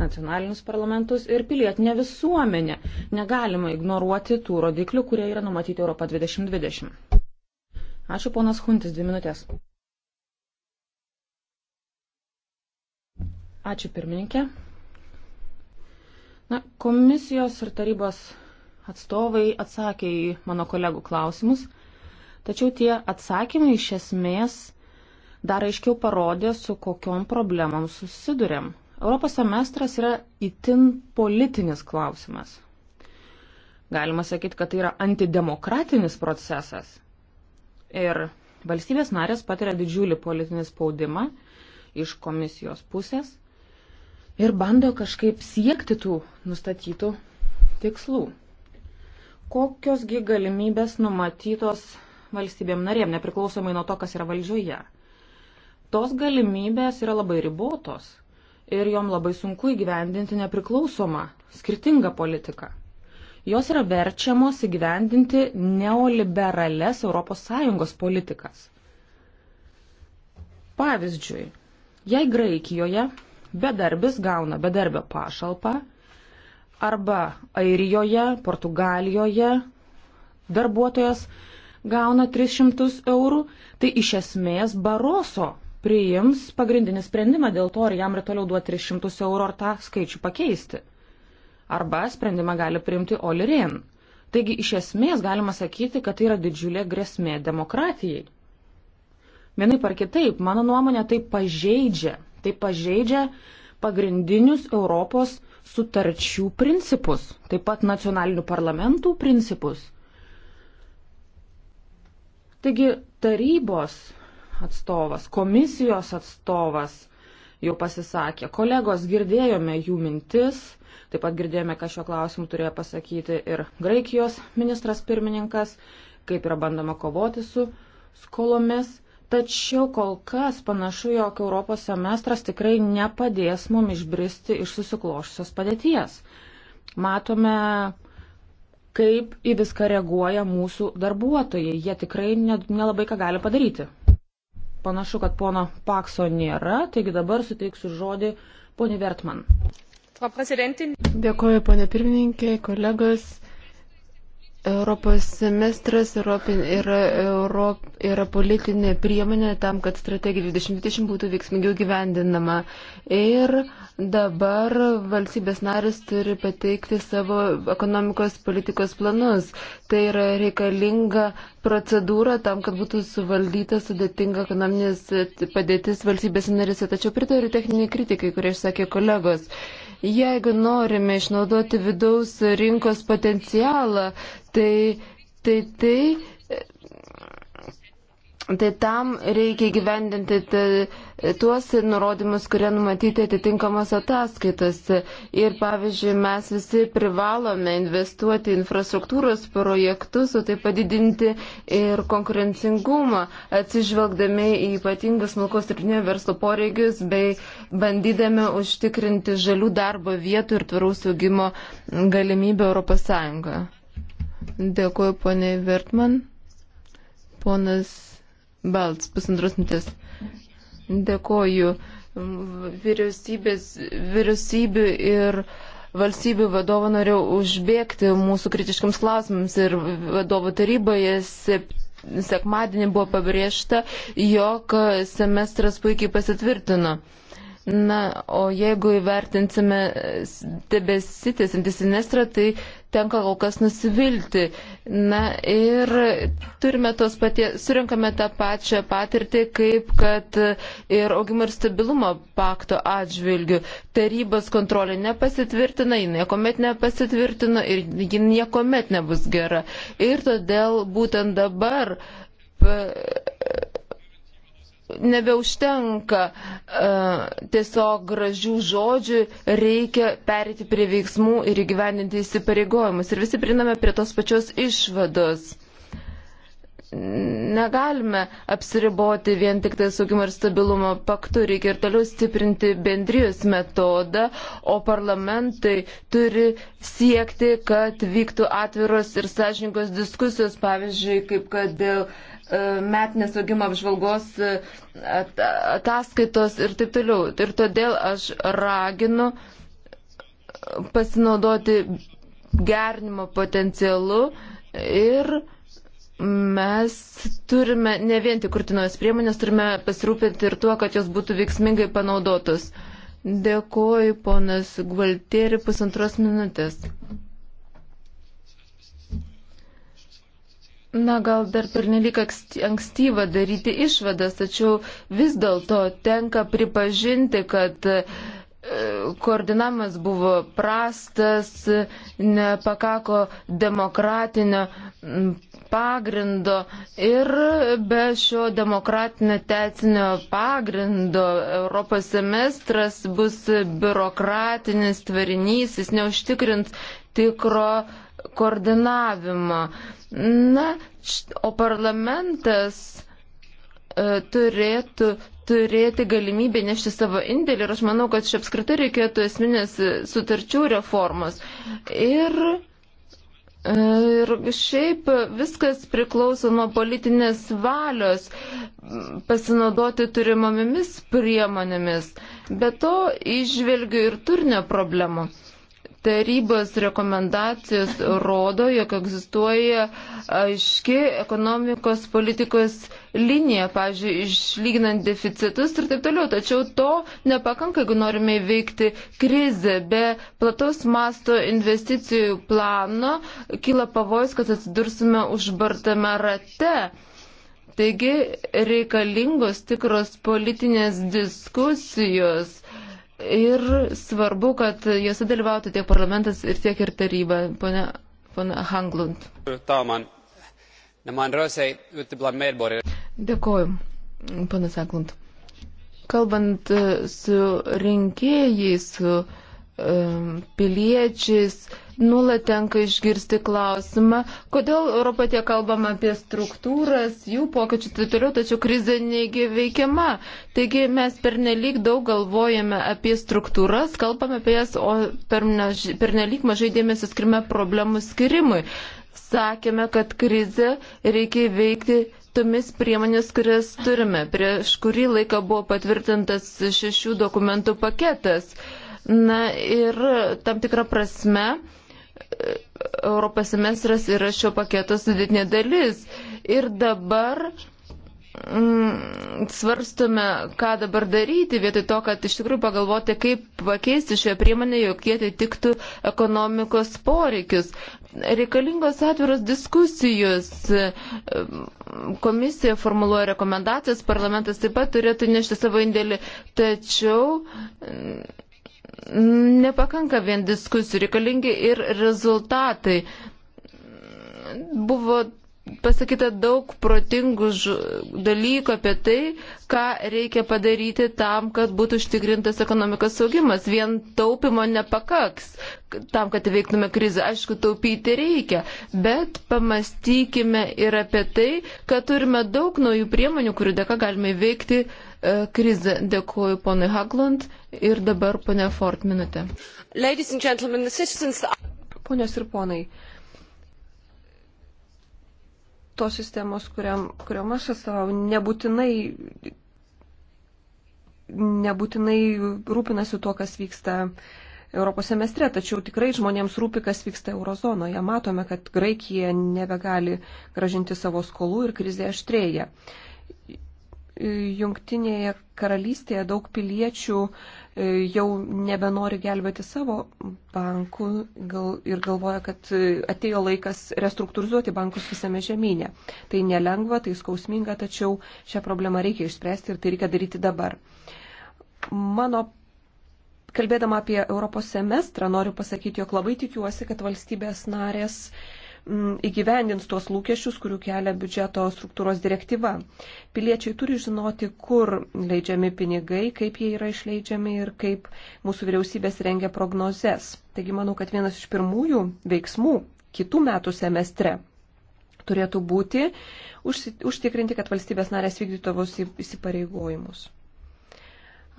nacionalinius parlamentus ir pilietinę visuomenę. Negalima ignoruoti tų rodiklių, kurie yra numatyti Europą 2020. Ačiū ponas Huntis, dvi minutės. Ačiū pirmininkė. Na, komisijos ir tarybos atstovai atsakė į mano kolegų klausimus, tačiau tie atsakymai iš esmės dar aiškiau parodė, su kokiom problemom susidurėm. Europos semestras yra itin politinis klausimas. Galima sakyti, kad tai yra antidemokratinis procesas. Ir valstybės narės patiria didžiulį politinį spaudimą iš komisijos pusės ir bando kažkaip siekti tų nustatytų tikslų. Kokiosgi galimybės numatytos valstybėm narėm, nepriklausomai nuo to, kas yra valdžioje? Tos galimybės yra labai ribotos ir jom labai sunku įgyvendinti nepriklausomą, skirtingą politiką. Jos yra verčiamos įgyvendinti neoliberales ES politikas. Pavyzdžiui, jei Graikijoje bedarbis gauna bedarbio pašalpą arba Airijoje, Portugalijoje darbuotojas gauna 300 eurų, tai iš esmės Baroso priims pagrindinį sprendimą dėl to, ar jam ir toliau duoti 300 eurų, ar tą skaičių pakeisti. Arba sprendimą gali priimti Oli Rehn. Taigi iš esmės galima sakyti, kad tai yra didžiulė grėsmė demokratijai. Vienaip ar kitaip, mano nuomonė, tai pažeidžia Tai pažeidžia pagrindinius Europos sutarčių principus, taip pat nacionalinių parlamentų principus. Taigi tarybos atstovas, komisijos atstovas jau pasisakė, kolegos girdėjome jų mintis, taip pat girdėjome, ką šio klausimu turėjo pasakyti ir Graikijos ministras pirmininkas, kaip yra bandoma kovoti su skolomis. Tačiau kol kas panašu, jog Europos semestras tikrai nepadės mum išbristi iš susiklošusios padėties. Matome, kaip į viską reaguoja mūsų darbuotojai. Jie tikrai nelabai ką gali padaryti. Panašu, kad pono Pakso nėra, taigi dabar suteiksiu žodį poni Vertman. Dėkuoju, ponė pirmininkė, kolegos. Europos semestras yra, Europ, yra politinė priemonė tam, kad strategija 2020 būtų veiksmingiau gyvendinama. Ir dabar valstybės narės turi pateikti savo ekonomikos politikos planus. Tai yra reikalinga procedūra tam, kad būtų suvaldyta sudėtinga ekonominės padėtis valstybės narėse. Tačiau pritariu techniniai kritikai, kurie išsakė kolegos. Jeigu norime išnaudoti vidaus rinkos potencialą, tai tai, tai Tai tam reikia gyvendinti tuos nurodymus, kurie numatyti atitinkamos ataskaitose. Ir pavyzdžiui, mes visi privalome investuoti infrastruktūros projektus, o tai padidinti ir konkurencingumą, atsižvelgdami į ypatingus smulkos trupinio verslo poreigius bei bandydami užtikrinti žalių darbo vietų ir tvaraus augimo galimybę ES. Dėkuoju, poniai Vertman. Ponas Balts, pusantros mintis. Dėkoju. Vyriausybės, vyriausybių ir valstybių vadovų norėjau užbėgti mūsų kritiškiams klausimams ir vadovų taryboje sept, sekmadienį buvo pabrėžta, jog semestras puikiai pasitvirtino. Na, o jeigu įvertinsime tebesitėsintį sinestrą, tai tenka kol kas nusivilti. Na ir turime tos patie, surinkame tą pačią patirtį, kaip kad ir augimo ir stabilumo pakto atžvilgių. Tarybos kontrolė nepasitvirtina, ji niekuomet nepasitvirtina ir ji niekuomet nebus gera. Ir todėl būtent dabar nebeužtenka uh, tiesiog gražių žodžių, reikia perėti prie veiksmų ir įgyvendinti įsipareigojimus. Ir visi priname prie tos pačios išvados. Negalime apsiriboti vien tik tai saugimo ir stabilumo paktų, reikia ir toliau stiprinti bendrijos metodą, o parlamentai turi siekti, kad vyktų atviros ir sąžininkos diskusijos, pavyzdžiui, kaip kad dėl uh, E, metinės augimo apžvalgos e, ataskaitos ir taip toliau. Ir todėl aš raginu pasinaudoti gernimo potencialu ir mes turime ne vien tik kurtinojus priemonės, turime pasirūpinti ir tuo, kad jos būtų veiksmingai panaudotos. Dėkoju, ponas Gvaltieri, pusantros minutės. Na, gal dar pernelyg ankstyva daryti išvadas, tačiau vis dėlto tenka pripažinti, kad e, koordinavimas buvo prastas, nepakako demokratinio pagrindo ir be šio demokratinio teisinio pagrindo Europos semestras bus biurokratinis tvarinys, jis neužtikrins tikro koordinavimą. Na, o parlamentas e, turėtų turėti galimybę nešti savo indėlį ir aš manau, kad čia apskritai reikėtų esminės e, sutarčių reformos. Ir, e, ir šiaip viskas priklauso nuo politinės valios pasinaudoti turimomis priemonėmis. Be to išvelgiu ir turinio problemų. Tarybos rekomendacijos rodo, jog egzistuoja aiški ekonomikos politikos linija, pavyzdžiui, išlyginant deficitus ir taip toliau. Tačiau to nepakanka, jeigu norime įveikti krizę. Be plataus masto investicijų plano kyla pavojus, kad atsidursime užbartame rate. Taigi reikalingos tikros politinės diskusijos Ir svarbu, kad juose dalyvautų tiek parlamentas ir tiek ir taryba, pone, pone Hanglund. Tai Dėkoju, ponas Hanglund. Kalbant e, su rinkėjais, su um, piliečiais, uh, nuolat tenka išgirsti klausimą, kodėl Europą tiek kalbama apie struktūras, jų pokyčių taip toliau, tačiau krizė neigi veikiama. Taigi mes pernelyg daug galvojame apie struktūras, kalbame apie jas, o pernelyg mažai dėmesio skirime problemų skirimui. Sakėme, kad krizę reikia veikti tomis priemonės, kurias turime. Prieš kurį laiką buvo patvirtintas šešių dokumentų paketas. Na ir tam tikrą prasme Europos semestras yra šio paketo sudėtinė dalis. Ir dabar mm, svarstume, ką dabar daryti, vietoj to, kad iš tikrųjų pagalvoti, kaip pakeisti šią priemonę, jog jie atitiktų ekonomikos poreikius. Reikalingos atviros diskusijos. Komisija formuluoja rekomendacijas, parlamentas taip pat turėtų nešti savo indėlį. Tačiau. Mm, nepakanka vien diskusijų, reikalingi ir rezultatai. Buvo pasakyta daug protingų dalykų apie tai, ką reikia padaryti tam, kad būtų užtikrintas ekonomikos saugimas. Vien taupimo nepakaks tam, kad įveiktume krizę. Aišku, taupyti reikia, bet pamastykime ir apie tai, kad turime daug naujų priemonių, kurių dėka galime įveikti uh, E, krizę. Dėkuoju ponui Hagland ir dabar ponė Ford minutė. Ponios ir ponai, tos sistemos, kuriam, kuriam aš atstovauju, nebūtinai, nebūtinai rūpinasi tuo, kas vyksta Europos semestre, tačiau tikrai žmonėms rūpi, kas vyksta eurozonoje. Matome, kad Graikija nebegali gražinti savo skolų ir krizė aštrėja. Jungtinėje karalystėje daug piliečių e, jau nebenori gelbėti savo bankų gal, ir galvoja, kad e, atėjo laikas restruktūrizuoti bankus visame žemynė. Tai nelengva, tai skausminga, tačiau šią problemą reikia išspręsti ir tai reikia daryti dabar. Mano kalbėdama apie Europos semestrą, noriu pasakyti, jog labai tikiuosi, kad valstybės narės Mm, įgyvendins tuos lūkesčius, kurių kelia biudžeto struktūros direktyva. Piliečiai turi žinoti, kur leidžiami pinigai, kaip jie yra išleidžiami ir kaip mūsų vyriausybės rengia prognozes. Taigi manau, kad vienas iš pirmųjų veiksmų kitų metų semestre turėtų būti užtikrinti, kad valstybės narės vykdytavus įsipareigojimus.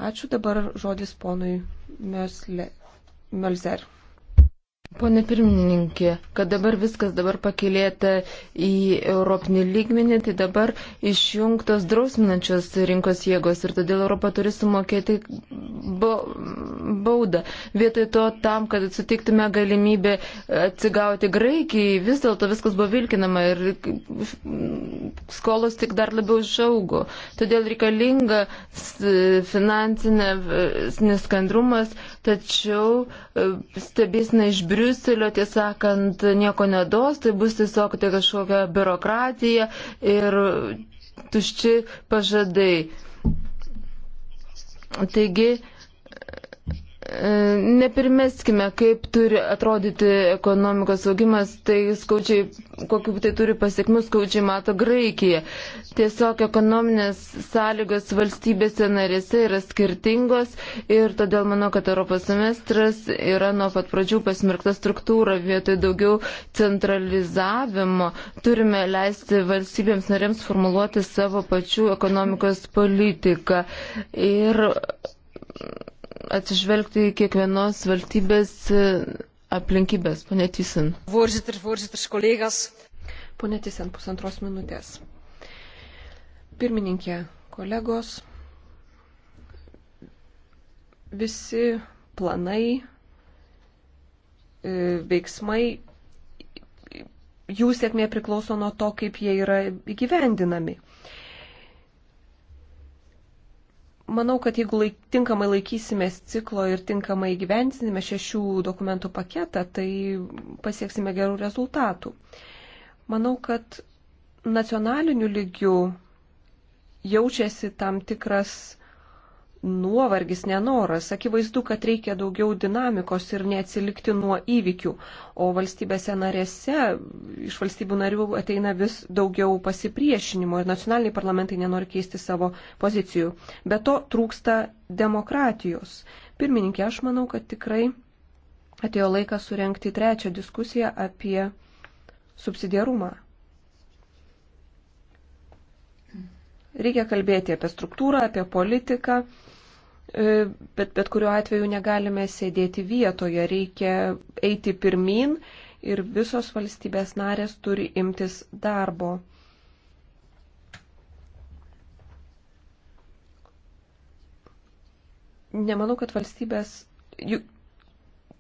Ačiū dabar žodis ponui Mölzer. Pone pirmininkė, kad dabar viskas dabar pakilėta į europinį lygmenį, tai dabar išjungtos drausminančios rinkos jėgos ir todėl Europa turi sumokėti baudą. Vietoj to tam, kad sutiktume galimybę atsigauti Graikijai, vis dėlto viskas buvo vilkinama ir skolos tik dar labiau išaugo. Todėl reikalinga e, finansinė e, neskandrumas, tačiau e, stebėsina išbriūti Briuselio, tiesąkant, nieko nedos, tai bus tiesiog tai kažkokia biurokratija ir tušči pažadai. Taigi Nepirmeskime, kaip turi atrodyti ekonomikos augimas, tai skaučiai, kokiu tai turi pasiekmių skaučiai mato Graikija. Tiesiog ekonominės sąlygos valstybėse narėse yra skirtingos ir todėl manau, kad Europos semestras yra nuo pat pradžių pasmirkta struktūra vietoj daugiau centralizavimo. Turime leisti valstybėms narėms formuluoti savo pačių ekonomikos politiką. Ir atsižvelgti į kiekvienos valstybės e, aplinkybės. Pone Tysin. Voorzitter, voorzitters, kolegas. Pone Tysin, pusantros minutės. Pirmininkė, kolegos, visi planai, e, veiksmai, jų sėkmė priklauso nuo to, kaip jie yra įgyvendinami. Manau, kad jeigu laik, tinkamai laikysimės ciklo ir tinkamai gyvensinime šešių dokumentų paketą, tai pasieksime gerų rezultatų. Manau, kad nacionaliniu lygiu jaučiasi tam tikras nuovargis, nenoras. Akivaizdu, kad reikia daugiau dinamikos ir neatsilikti nuo įvykių. O valstybėse narėse iš valstybių narių ateina vis daugiau pasipriešinimo ir nacionaliniai parlamentai nenori keisti savo pozicijų. Be to trūksta demokratijos. Pirmininkė, aš manau, kad tikrai atėjo laikas surenkti trečią diskusiją apie subsidiarumą. Reikia kalbėti apie struktūrą, apie politiką E, bet, bet kuriuo atveju negalime sėdėti vietoje, reikia eiti pirmin ir visos valstybės narės turi imtis darbo. Nemanau, kad valstybės, juk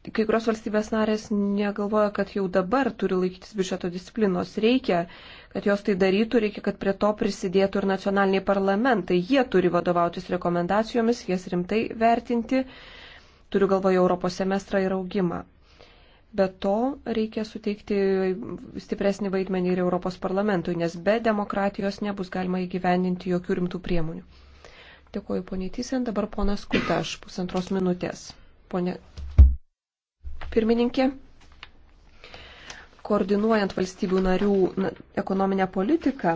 kai kurios valstybės narės negalvoja, kad jau dabar turi laikytis biudžeto disciplinos. Reikia, kad jos tai darytų, reikia, kad prie to prisidėtų ir nacionaliniai parlamentai. Jie turi vadovautis rekomendacijomis, jas rimtai vertinti. Turiu galvoje Europos semestrą ir augimą. Be to reikia suteikti stipresnį vaidmenį ir Europos parlamentui, nes be demokratijos nebus galima įgyvendinti jokių rimtų priemonių. Dėkuoju, ponė Tysen, dabar ponas Kutaš, pusantros minutės. Pone pirmininkė. Koordinuojant valstybių narių ekonominę politiką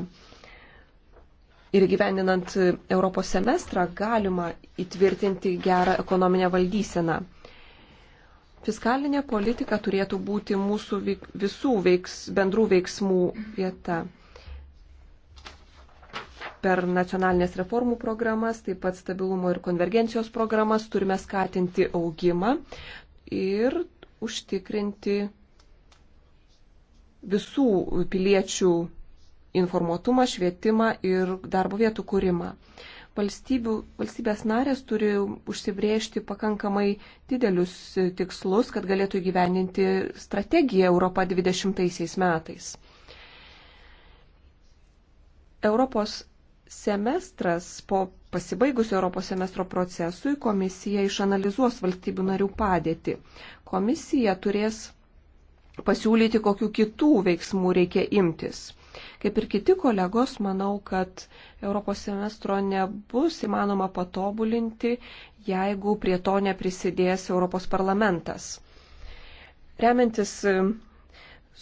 ir gyveninant Europos semestrą galima įtvirtinti gerą ekonominę valdyseną. Fiskalinė politika turėtų būti mūsų visų veiks, bendrų veiksmų vieta. Per nacionalinės reformų programas, taip pat stabilumo ir konvergencijos programas turime skatinti augimą ir užtikrinti visų piliečių informuotumą, švietimą ir darbo vietų kūrimą. Valstybių, valstybės narės turi užsibriežti pakankamai didelius tikslus, kad galėtų gyveninti strategiją Europą 20 metais. Europos semestras po pasibaigusio Europos semestro procesui komisija išanalizuos valstybių narių padėtį komisija turės pasiūlyti, kokiu kitų veiksmų reikia imtis. Kaip ir kiti kolegos, manau, kad Europos semestro nebus įmanoma patobulinti, jeigu prie to neprisidės Europos parlamentas. Remiantis e,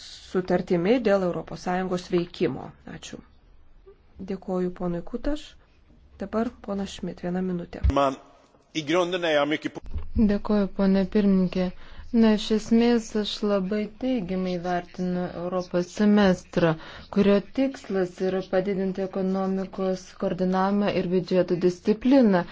sutartimi dėl ES veikimo. Ačiū. Dėkoju ponui Kutaš. Dabar pona Šmit, vieną minutę. Man į grundinę ją mykį. Dėkoju, ponė pirmininkė. Na, iš esmės aš labai teigiamai vertinu Europos semestrą, kurio tikslas yra padidinti ekonomikos koordinavimą ir biudžeto discipliną.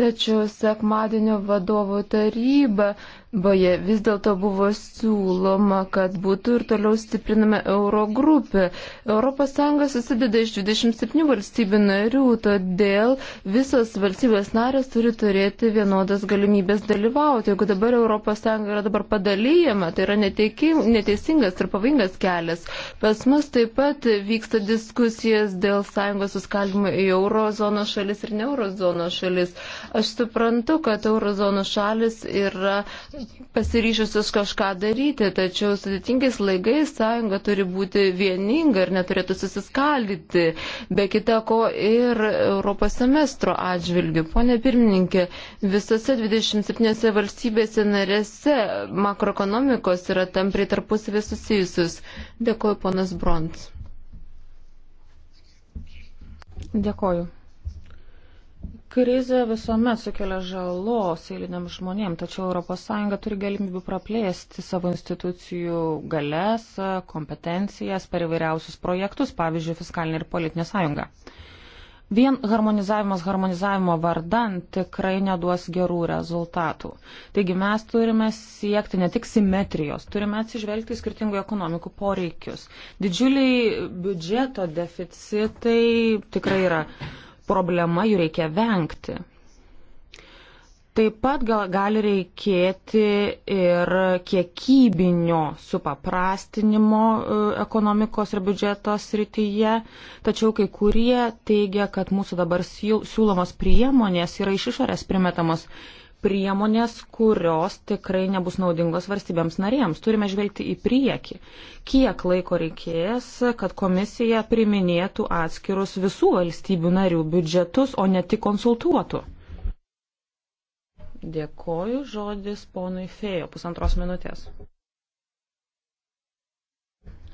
Tačiau sekmadienio vadovo taryba Boje vis dėlto buvo siūloma, kad būtų ir toliau stiprinama euro grupė. ES susideda iš 27 valstybių narių, todėl visos valstybės narės turi turėti vienodas galimybės dalyvauti. Jeigu dabar ES yra dabar padalyjama, tai yra neteisingas ir pavingas kelias. Pas mus taip pat vyksta diskusijas dėl sąjungos suskaldimo į eurozono šalis ir ne eurozono šalis. Aš suprantu, kad eurozono šalis yra pasiryšusius kažką daryti, tačiau sudėtingais laikais sąjunga turi būti vieninga ir neturėtų susiskaldyti, be kita ko ir Europos semestro atžvilgių. Pone pirmininkė, visose 27 valstybėse narėse makroekonomikos yra tampriai tarpusavį susijusius. Dėkuoju, ponas Brons. Dėkuoju. Krizė visuomet sukelia žalos eiliniam žmonėm, tačiau ES turi galimybių praplėsti savo institucijų galės, kompetencijas per įvairiausius projektus, pavyzdžiui, fiskalinė ir politinė sąjunga. Vien harmonizavimas harmonizavimo vardan tikrai neduos gerų rezultatų. Taigi mes turime siekti ne tik simetrijos, turime atsižvelgti į skirtingų ekonomikų poreikius. Didžiuliai biudžeto deficitai tikrai yra problema, jų reikia vengti. Taip pat gal, gali reikėti ir kiekybinio supaprastinimo e, ekonomikos ir biudžeto srityje, tačiau kai kurie teigia, kad mūsų dabar siūlomos priemonės yra iš išorės primetamos priemonės, kurios tikrai nebus naudingos valstybėms narėms. Turime žvelgti į priekį, kiek laiko reikės, kad komisija priminėtų atskirus visų valstybių narių biudžetus, o ne tik konsultuotų. Dėkoju, žodis ponui Fejo, pusantros minutės.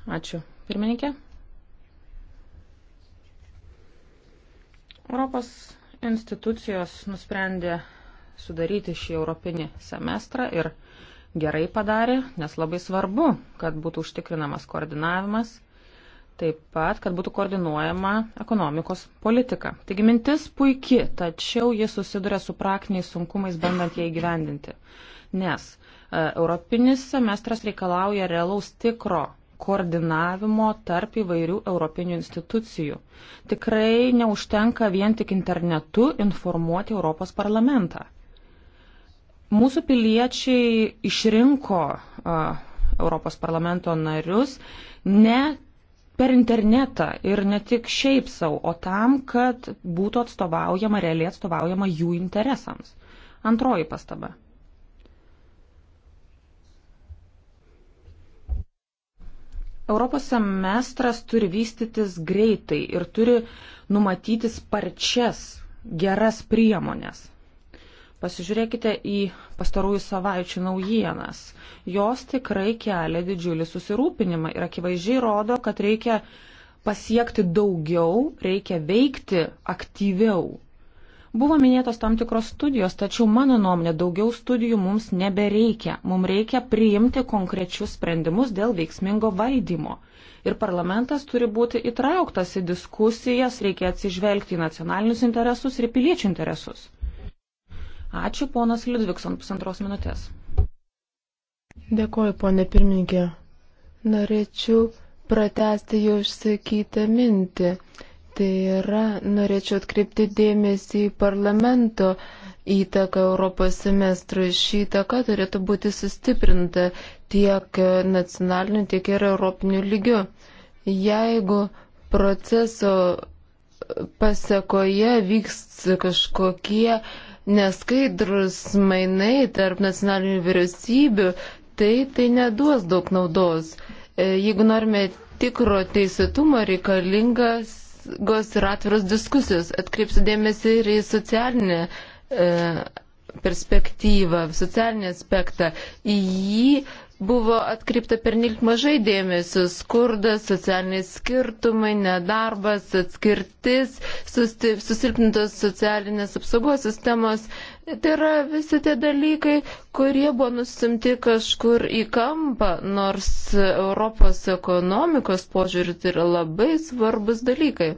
Ačiū. Pirmininkė. Europos institucijos nusprendė sudaryti šį europinį semestrą ir gerai padarė, nes labai svarbu, kad būtų užtikrinamas koordinavimas, taip pat, kad būtų koordinuojama ekonomikos politika. Taigi mintis puiki, tačiau jis susiduria su praktiniais sunkumais, bandant ją įgyvendinti, nes e, europinis semestras reikalauja realaus tikro koordinavimo tarp įvairių europinių institucijų. Tikrai neužtenka vien tik internetu informuoti Europos parlamentą. Mūsų piliečiai išrinko uh, Europos parlamento narius ne per internetą ir ne tik šiaip savo, o tam, kad būtų atstovaujama, realiai atstovaujama jų interesams. Antroji pastaba. Europos semestras turi vystytis greitai ir turi numatyti sparčias geras priemonės. Pasižiūrėkite į pastarųjų savaičių naujienas. Jos tikrai kelia didžiulį susirūpinimą ir akivaizdžiai rodo, kad reikia pasiekti daugiau, reikia veikti aktyviau. Buvo minėtos tam tikros studijos, tačiau mano nuomonė daugiau studijų mums nebereikia. Mums reikia priimti konkrečius sprendimus dėl veiksmingo valdymo. Ir parlamentas turi būti įtrauktas į diskusijas, reikia atsižvelgti į nacionalinius interesus ir piliečių interesus. Ačiū, ponas Liudvikson, pusantros minutės. Dėkoju, ponė pirmininkė. Norėčiau pratesti jau išsakytą mintį. Tai yra, norėčiau atkreipti dėmesį į parlamento įtaką Europos semestrui. Šį įtaką turėtų būti sustiprinta tiek nacionaliniu, tiek ir europiniu lygiu. Jeigu proceso pasakoje vyks kažkokie uh, neskaidrus mainai tarp nacionalinių vyriausybių, tai tai neduos daug naudos. E, jeigu norime tikro teisėtumo, reikalingas gos ir atviros diskusijos. Atkreipsiu dėmesį ir į socialinę e, perspektyvą, socialinį aspektą. Į jį buvo atkripta pernilik mažai dėmesio. Skurdas, socialiniai skirtumai, nedarbas, atskirtis, susilpnintos socialinės apsaugos sistemos. Tai yra visi tie dalykai, kurie buvo nusimti kažkur į kampą, nors Europos ekonomikos požiūrį tai yra labai svarbus dalykai.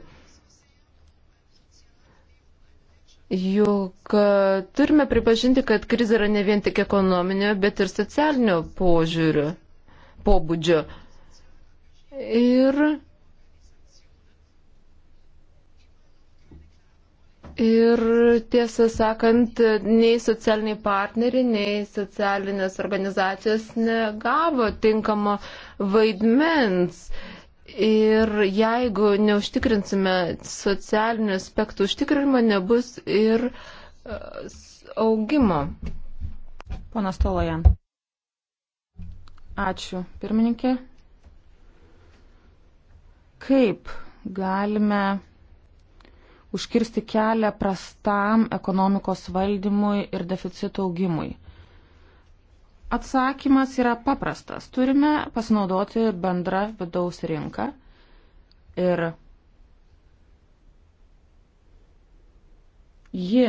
Juk e, turime pripažinti, kad krizė yra ne vien tik ekonominio, bet ir socialinio požiūrio, pobūdžio. Ir, ir tiesą sakant, nei socialiniai partneriai, nei socialinės organizacijos negavo tinkamo vaidmens. Uh, Ir jeigu neužtikrinsime socialinių aspektų užtikrinimo, nebus ir e, augimo. Pana Stoloje. Ačiū, pirmininkė. Kaip galime užkirsti kelią prastam ekonomikos valdymui ir deficito augimui? Atsakymas yra paprastas. Turime pasinaudoti bendrą vidaus rinką ir ji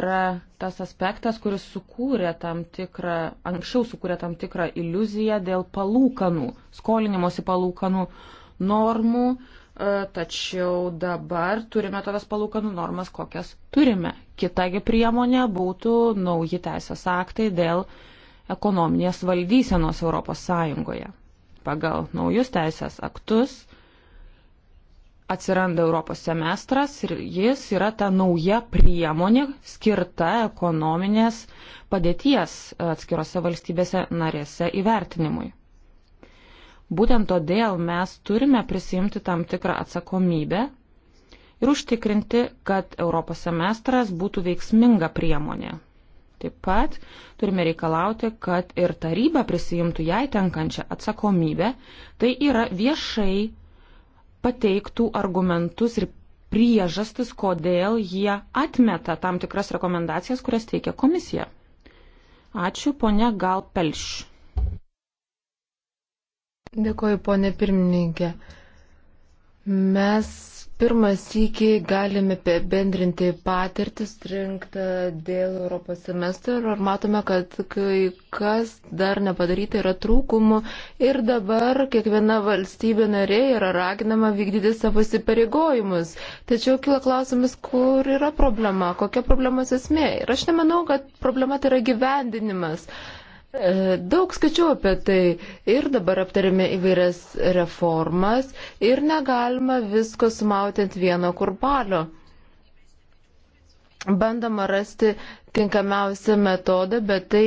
yra tas aspektas, kuris sukūrė tam tikrą, anksčiau sukūrė tam tikrą iliuziją dėl palūkanų, skolinimosi palūkanų normų, uh, E, tačiau dabar turime tokias palūkanų normas, kokias turime. Kitagi priemonė būtų nauji teisės aktai dėl ekonominės valdysenos ES. Pagal naujus teisės aktus atsiranda Europos semestras ir jis yra ta nauja priemonė skirta ekonominės padėties atskirose valstybėse narėse įvertinimui. Būtent todėl mes turime prisimti tam tikrą atsakomybę ir užtikrinti, kad Europos semestras būtų veiksminga priemonė. Taip pat turime reikalauti, kad ir taryba prisijimtų jai tenkančią atsakomybę, tai yra viešai pateiktų argumentus ir priežastis, kodėl jie atmeta tam tikras rekomendacijas, kurias teikia komisija. Ačiū, ponia Galpelš. Dėkuoju, ponė pirmininkė. Mes pirmas įkį galime bendrinti patirtis rinktą dėl Europos semestro ir matome, kad kai kas dar nepadaryta yra trūkumų ir dabar kiekviena valstybė narė yra raginama vykdyti savo įsipareigojimus. Tačiau kila klausimas, kur yra problema, kokia problemos esmė. Ir aš nemanau, kad problema tai yra gyvendinimas. E, daug skaičiau apie tai ir dabar aptarėme įvairias reformas ir negalima visko sumauti ant vieno kurpalio. Bandama rasti tinkamiausią metodą, bet tai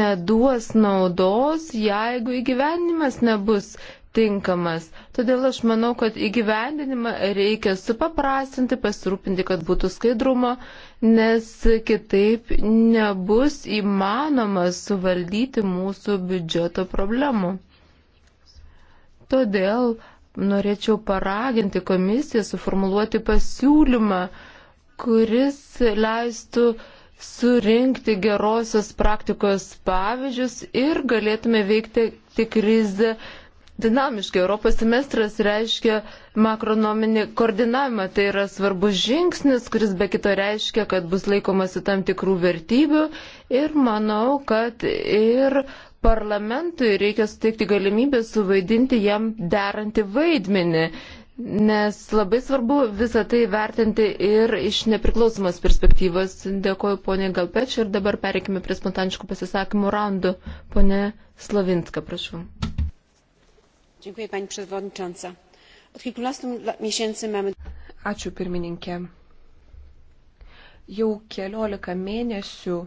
neduos naudos, jeigu įgyvenimas nebus tinkamas. Todėl aš manau, kad įgyvendinimą reikia supaprastinti, pasirūpinti, kad būtų skaidrumo, nes kitaip nebus įmanoma suvaldyti mūsų biudžeto problemų. Todėl norėčiau paraginti komisiją suformuluoti pasiūlymą, kuris leistų surinkti gerosios praktikos pavyzdžius ir galėtume veikti tik krizę dinamiškai. Europos semestras reiškia makronominį koordinavimą. Tai yra svarbus žingsnis, kuris be kito reiškia, kad bus laikomasi tam tikrų vertybių. Ir manau, kad ir parlamentui reikia suteikti galimybę suvaidinti jam derantį vaidmenį. Nes labai svarbu visą tai vertinti ir iš nepriklausomos perspektyvos. Dėkoju poniai Galpeč ir dabar pereikime prie spontaniškų pasisakymų raundų. Pone Slavinska, prašau pani przewodnicząca! Od kilkunastu miesięcy mamy. Ačiū pirmininkė. Jau keliolika mėnesių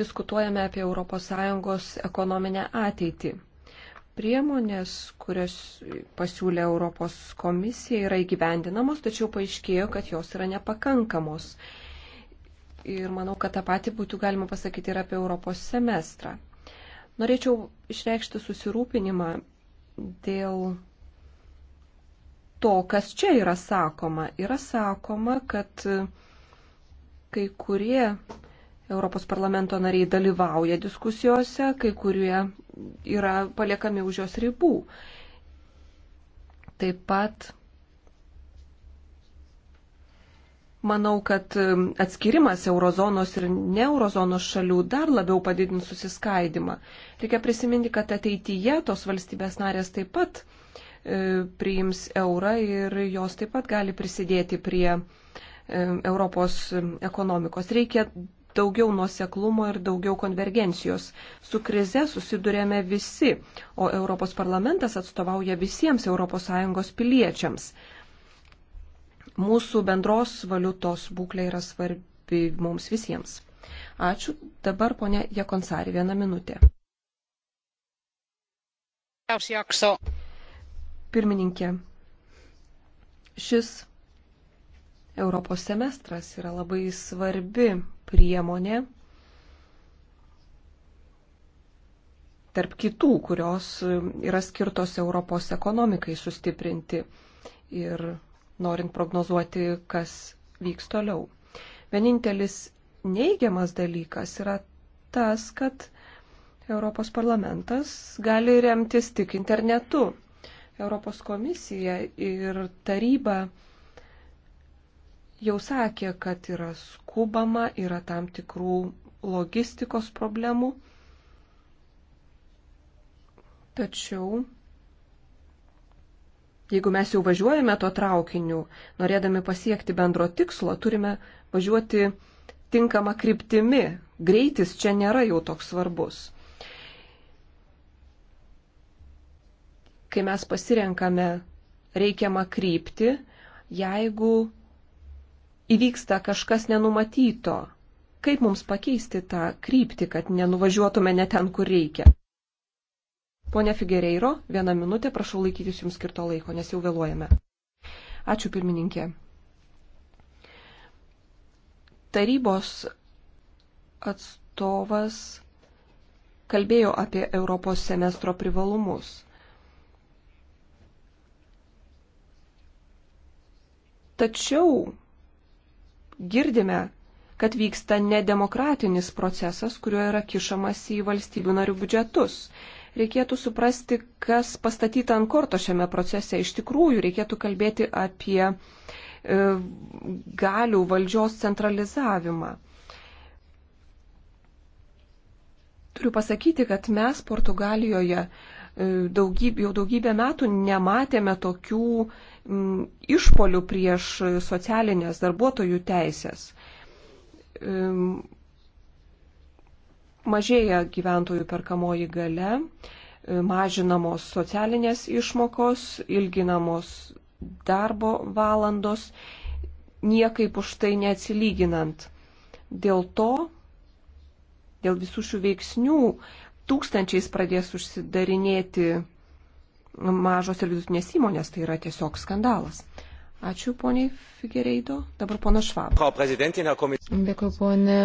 diskutuojame apie ES ekonominę ateitį. Priemonės, kurias pasiūlė Europos komisija, yra įgyvendinamos, tačiau paaiškėjo, kad jos yra nepakankamos. Ir manau, kad tą patį būtų galima pasakyti ir apie Europos semestrą. Norėčiau išreikšti susirūpinimą dėl to, kas čia yra sakoma. Yra sakoma, kad kai kurie Europos parlamento nariai dalyvauja diskusijose, kai kurie yra paliekami už jos ribų. Taip pat Manau, kad um, atskirimas eurozonos ir ne eurozonos šalių dar labiau padidins susiskaidimą. Reikia prisiminti, kad ateityje tos valstybės narės taip pat e, priims eurą ir jos taip pat gali prisidėti prie e, Europos um, ekonomikos. Reikia daugiau nuoseklumo ir daugiau konvergencijos. Su krize susidurėme visi, o Europos parlamentas atstovauja visiems ES piliečiams mūsų bendros valiutos būklė yra svarbi mums visiems. Ačiū. Dabar ponia Jekonsari, vieną minutę. Pirmininkė, šis Europos semestras yra labai svarbi priemonė tarp kitų, kurios yra skirtos Europos ekonomikai sustiprinti ir norint prognozuoti, kas vyks toliau. Vienintelis neigiamas dalykas yra tas, kad Europos parlamentas gali remtis tik internetu. Europos komisija ir taryba jau sakė, kad yra skubama, yra tam tikrų logistikos problemų. Tačiau Jeigu mes jau važiuojame tuo traukiniu, norėdami pasiekti bendro tikslo, turime važiuoti tinkama kryptimi. Greitis čia nėra jau toks svarbus. Kai mes pasirenkame reikiamą kryptį, jeigu įvyksta kažkas nenumatyto, kaip mums pakeisti tą kryptį, kad nenuvažiuotume ne ten, kur reikia. Pone Figereiro, vieną minutę, prašau laikytis jums skirto laiko, nes jau vėluojame. Ačiū pirmininkė. Tarybos atstovas kalbėjo apie Europos semestro privalumus. Tačiau girdime, kad vyksta nedemokratinis procesas, kuriuo yra kišamas į valstybių narių biudžetus reikėtų suprasti, kas pastatyta ant korto šiame procese. Iš tikrųjų, reikėtų kalbėti apie e, galių valdžios centralizavimą. Turiu pasakyti, kad mes Portugalijoje e, daugybė, jau daugybę metų nematėme tokių m, išpolių prieš socialinės darbuotojų teisės. M, e, mažėja gyventojų perkamoji gale, e, mažinamos socialinės išmokos, ilginamos darbo valandos, niekaip už tai neatsilyginant. Dėl to, dėl visų šių veiksnių, tūkstančiais pradės užsidarinėti mažos ir vidutinės įmonės, tai yra tiesiog skandalas. Ačiū, poniai Figereido. Dabar pono Švab. Dėkui, ponė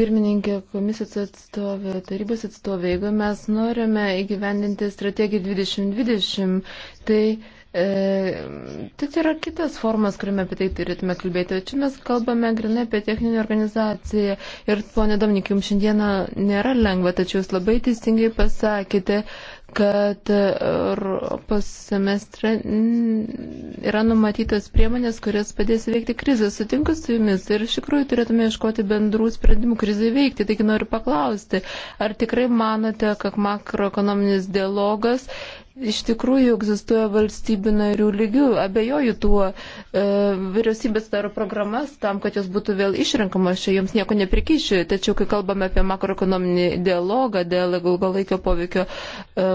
pirmininkė, komisijos atstovė, tarybos atstovė. Jeigu mes norime įgyvendinti strategiją 2020, tai e, tik yra kitas formas, kuriame apie tai turėtume kalbėti. O čia mes kalbame grinai apie techninę organizaciją. Ir, ponė Dominik, jums šiandieną nėra lengva, tačiau jūs labai teisingai pasakėte, kad Europos semestre yra numatytos priemonės, kurias padės veikti krizę. Sutinku su jumis ir iš tikrųjų turėtume ieškoti bendrų sprendimų krizai veikti. Taigi noriu paklausti, ar tikrai manote, kad makroekonominis dialogas iš tikrųjų egzistuoja valstybių narių lygių. Abejoju tuo, e, vyriausybės daro programas tam, kad jos būtų vėl išrinkamos, čia joms nieko neprikišiu. Tačiau, kai kalbame apie makroekonominį dialogą dėl ilgalaikio poveikio e,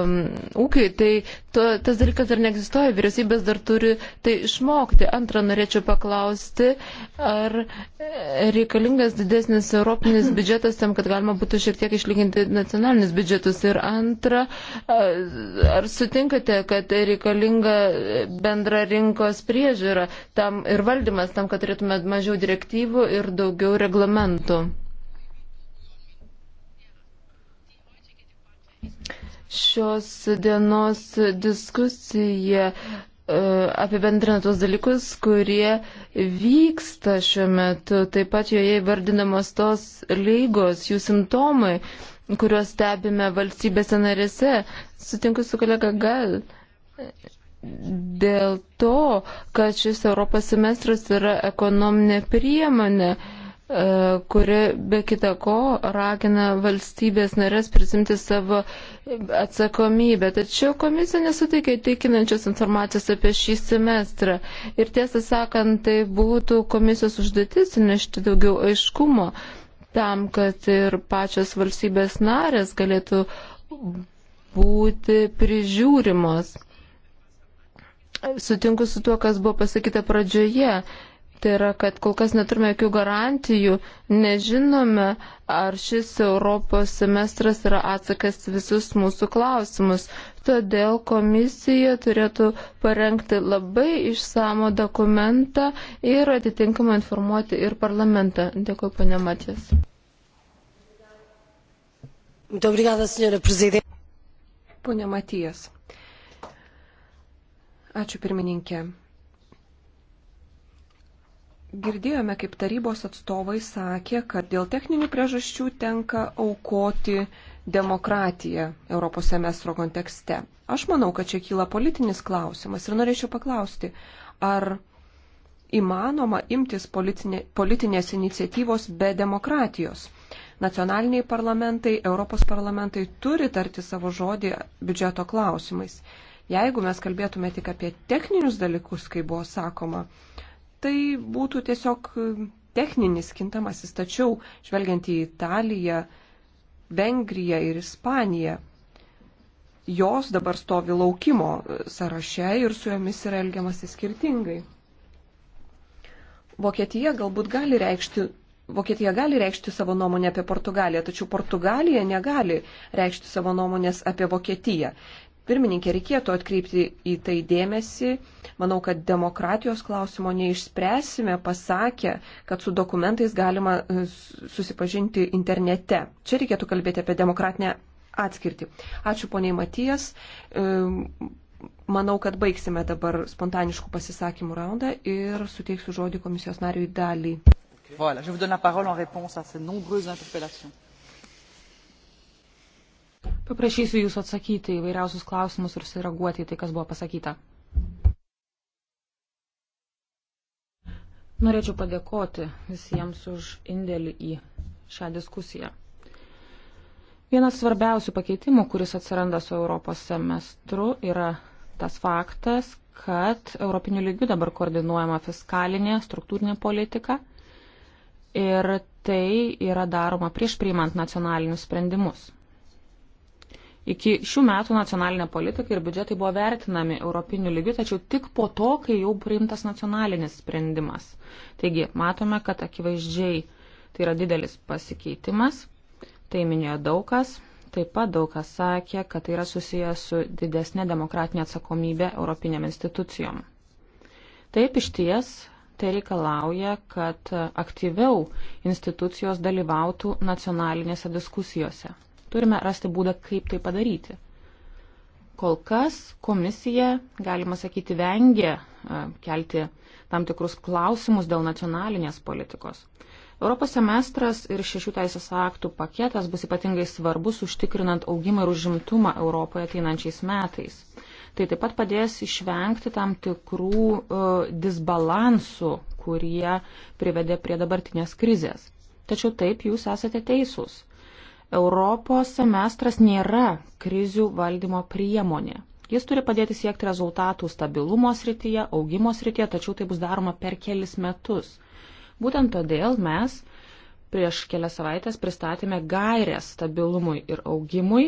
ūkiai, tai to, tas dalykas dar neegzistuoja, vyriausybės dar turi tai išmokti. Antra, norėčiau paklausti, ar reikalingas didesnis europinis biudžetas tam, kad galima būtų šiek tiek išlyginti nacionalinius biudžetus. Ir antra, ar sutinkate, kad reikalinga bendra rinkos priežiūra tam ir valdymas tam, kad turėtume mažiau direktyvų ir daugiau reglamentų? šios dienos diskusija e, apibendrina tuos dalykus, kurie vyksta šiuo metu. Taip pat joje įvardinamos tos lygos, jų simptomai, kuriuos stebime valstybėse narėse. Sutinku su kolega Gal. Dėl to, kad šis Europos semestras yra ekonominė priemonė, uh, E, kuri be kita ko ragina valstybės narės prisimti savo atsakomybę. Tačiau komisija nesuteikia įtikinančios informacijos apie šį semestrą. Ir tiesą sakant, tai būtų komisijos užduotis nešti daugiau aiškumo tam, kad ir pačios valstybės narės galėtų būti prižiūrimos. Sutinku su tuo, kas buvo pasakyta pradžioje. Tai yra, kad kol kas neturime jokių garantijų, nežinome, ar šis Europos semestras yra atsakas visus mūsų klausimus. Todėl komisija turėtų parengti labai išsamo dokumentą ir atitinkamai informuoti ir parlamentą. Dėkui, ponė Matės. Pone Matijas. Ačiū pirmininkė. Girdėjome, kaip tarybos atstovai sakė, kad dėl techninių priežasčių tenka aukoti demokratiją Europos semestro kontekste. Aš manau, kad čia kyla politinis klausimas ir norėčiau paklausti, ar įmanoma imtis politinė, politinės iniciatyvos be demokratijos. Nacionaliniai parlamentai, Europos parlamentai turi tarti savo žodį biudžeto klausimais. Jeigu mes kalbėtume tik apie techninius dalykus, kaip buvo sakoma, tai būtų tiesiog techninis kintamasis, tačiau žvelgiant į Italiją, Vengriją ir Ispaniją, jos dabar stovi laukimo sąraše ir su jomis yra elgiamasi skirtingai. Vokietija galbūt gali reikšti. Vokietija gali reikšti savo nuomonę apie Portugaliją, tačiau Portugalija negali reikšti savo nuomonės apie Vokietiją. Pirmininkė, reikėtų atkreipti į tai dėmesį. Manau, kad demokratijos klausimo neišspręsime, pasakė, kad su dokumentais galima e, susipažinti internete. Čia reikėtų kalbėti apie demokratinę atskirtį. Ačiū poniai Matijas. E, manau, kad baigsime dabar spontaniškų pasisakymų raundą ir suteiksiu žodį komisijos nariui dalį. Voilà, je vous donne la parole en réponse à ces nombreuses interpellations. Paprašysiu Jūsų atsakyti į vairiausius klausimus ir sureaguoti į tai, kas buvo pasakyta. Norėčiau padėkoti visiems už indėlį į šią diskusiją. Vienas svarbiausių pakeitimų, kuris atsiranda su Europos semestru, yra tas faktas, kad Europinių lygių dabar koordinuojama fiskalinė, struktūrinė politika ir tai yra daroma prieš priimant nacionalinius sprendimus. Iki šių metų nacionalinė politika ir biudžetai buvo vertinami europiniu lygiu, tačiau tik po to, kai jau priimtas nacionalinis sprendimas. Taigi, matome, kad akivaizdžiai tai yra didelis pasikeitimas, tai minėjo daugas, taip pat daug kas sakė, kad tai yra susijęs su didesnė demokratinė atsakomybė Europinėm institucijom. Taip iš ties, tai reikalauja, kad aktyviau institucijos dalyvautų nacionalinėse diskusijose. Turime rasti būdą, kaip tai padaryti. Kol kas komisija, galima sakyti, vengia kelti tam tikrus klausimus dėl nacionalinės politikos. Europos semestras ir šešių teisės aktų paketas bus ypatingai svarbus užtikrinant augimą ir užimtumą Europoje ateinančiais metais. Tai taip pat padės išvengti tam tikrų uh, disbalansų, kurie privedė prie dabartinės krizės. Tačiau taip jūs esate teisūs. Europos semestras nėra krizių valdymo priemonė. Jis turi padėti siekti rezultatų stabilumo srityje, augimo srityje, tačiau tai bus daroma per kelis metus. Būtent todėl mes prieš kelias savaitės pristatėme gairės stabilumui ir augimui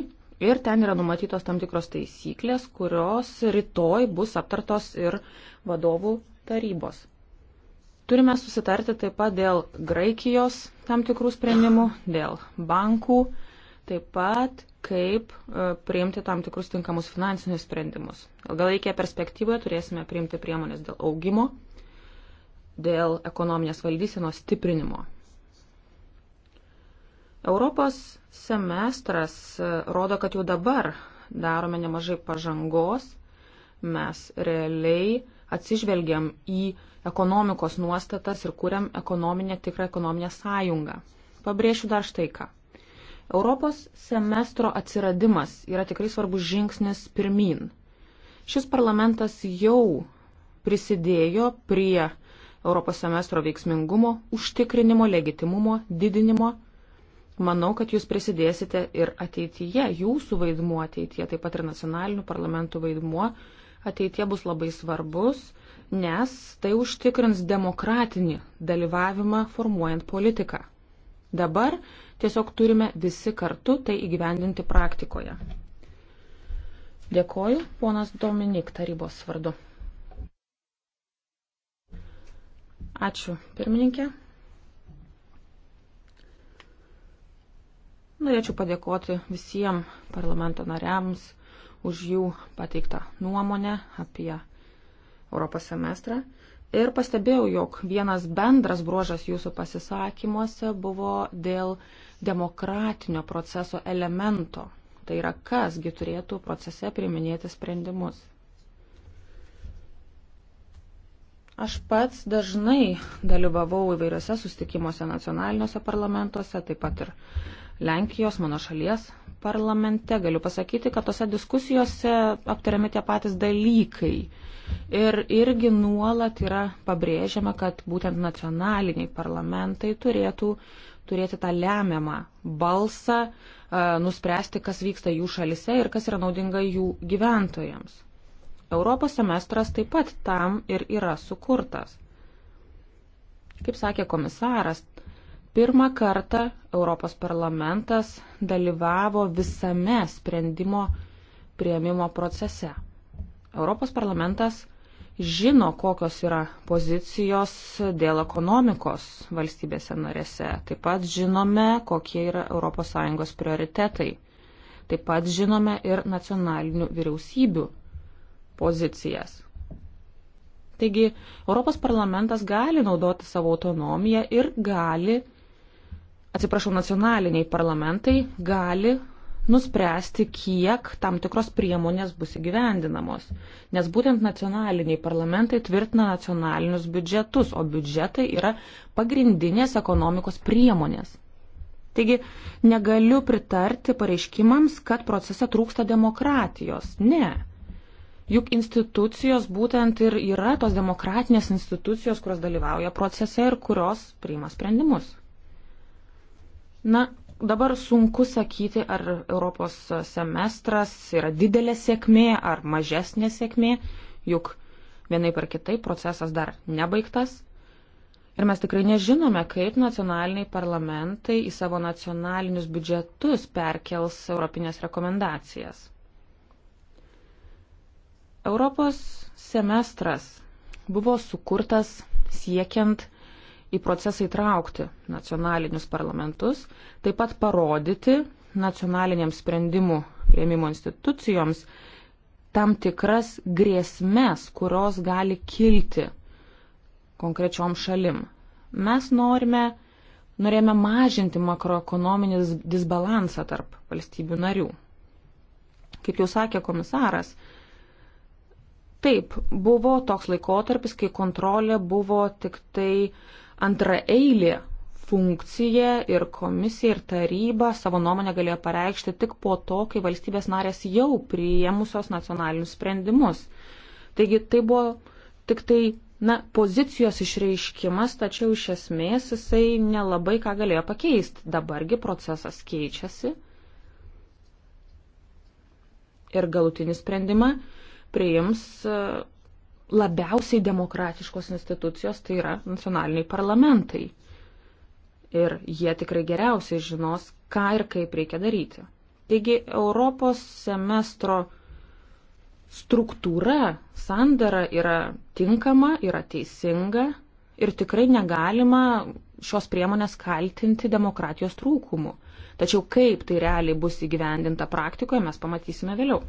ir ten yra numatytos tam tikros taisyklės, kurios rytoj bus aptartos ir vadovų tarybos. Turime susitarti taip pat dėl Graikijos tam tikrų sprendimų, dėl bankų, taip pat kaip e, priimti tam tikrus tinkamus finansinius sprendimus. Ilgalaikėje perspektyvoje turėsime priimti priemonės dėl augimo, dėl ekonominės valdysenos stiprinimo. Europos semestras e, rodo, kad jau dabar darome nemažai pažangos, mes realiai atsižvelgiam į ekonomikos nuostatas ir kuriam ekonominę tikrą ekonominę sąjungą. Pabrėšiu dar štai ką. Europos semestro atsiradimas yra tikrai svarbus žingsnis pirmin. Šis parlamentas jau prisidėjo prie Europos semestro veiksmingumo, užtikrinimo, legitimumo, didinimo. Manau, kad jūs prisidėsite ir ateityje, jūsų vaidmuo ateityje, taip pat ir nacionalinių parlamentų vaidmuo ateitie bus labai svarbus, nes tai užtikrins demokratinį dalyvavimą formuojant politiką. Dabar tiesiog turime visi kartu tai įgyvendinti praktikoje. Dėkoju, ponas Dominik tarybos vardu. Ačiū, pirmininkė. Norėčiau padėkoti visiems parlamento nariams, už jų pateiktą nuomonę apie Europos semestrą. Ir pastebėjau, jog vienas bendras bruožas jūsų pasisakymuose buvo dėl demokratinio proceso elemento. Tai yra, kasgi turėtų procese priminėti sprendimus. Aš pats dažnai dalyvavau įvairiose sustikimuose nacionaliniuose parlamentuose, taip pat ir Lenkijos, mano šalies parlamente. Galiu pasakyti, kad tose diskusijose aptariami tie patys dalykai. Ir irgi nuolat yra pabrėžiama, kad būtent nacionaliniai parlamentai turėtų turėti tą lemiamą balsą, e, nuspręsti, kas vyksta jų šalise ir kas yra naudinga jų gyventojams. Europos semestras taip pat tam ir yra sukurtas. Kaip sakė komisaras, Pirmą kartą Europos parlamentas dalyvavo visame sprendimo prieimimo procese. Europos parlamentas žino, kokios yra pozicijos dėl ekonomikos valstybėse narėse. Taip pat žinome, kokie yra ES prioritetai. Taip pat žinome ir nacionalinių vyriausybių pozicijas. Taigi, Europos parlamentas gali naudoti savo autonomiją ir gali atsiprašau, nacionaliniai parlamentai gali nuspręsti, kiek tam tikros priemonės bus įgyvendinamos. Nes būtent nacionaliniai parlamentai tvirtina nacionalinius biudžetus, o biudžetai yra pagrindinės ekonomikos priemonės. Taigi negaliu pritarti pareiškimams, kad procese trūksta demokratijos. Ne. Juk institucijos būtent ir yra tos demokratinės institucijos, kurios dalyvauja procese ir kurios priima sprendimus. Na, dabar sunku sakyti, ar Europos semestras yra didelė sėkmė ar mažesnė sėkmė, juk vienai par kitai procesas dar nebaigtas. Ir mes tikrai nežinome, kaip nacionaliniai parlamentai į savo nacionalinius biudžetus perkels europinės rekomendacijas. Europos semestras buvo sukurtas siekiant į procesą įtraukti nacionalinius parlamentus, taip pat parodyti nacionaliniams sprendimų prieimimo institucijoms tam tikras grėsmės, kurios gali kilti konkrečiom šalim. Mes norime, norėjome mažinti makroekonominį disbalansą tarp valstybių narių. Kaip jau sakė komisaras, Taip, buvo toks laikotarpis, kai kontrolė buvo tik tai antraeilį funkciją ir komisija ir taryba savo nuomonę galėjo pareikšti tik po to, kai valstybės narės jau priėmusios nacionalinius sprendimus. Taigi tai buvo tik tai na, pozicijos išreiškimas, tačiau iš esmės jisai nelabai ką galėjo pakeisti. Dabargi procesas keičiasi ir galutinį sprendimą priims labiausiai demokratiškos institucijos, tai yra nacionaliniai parlamentai. Ir jie tikrai geriausiai žinos, ką ir kaip reikia daryti. Taigi Europos semestro struktūra, sandara yra tinkama, yra teisinga ir tikrai negalima šios priemonės kaltinti demokratijos trūkumu. Tačiau kaip tai realiai bus įgyvendinta praktikoje, mes pamatysime vėliau.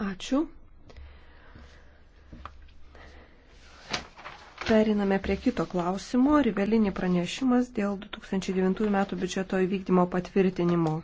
Ačiū. Periname prie kito klausimo. Rivelinį pranešimas dėl 2009 m. biudžeto įvykdymo patvirtinimo.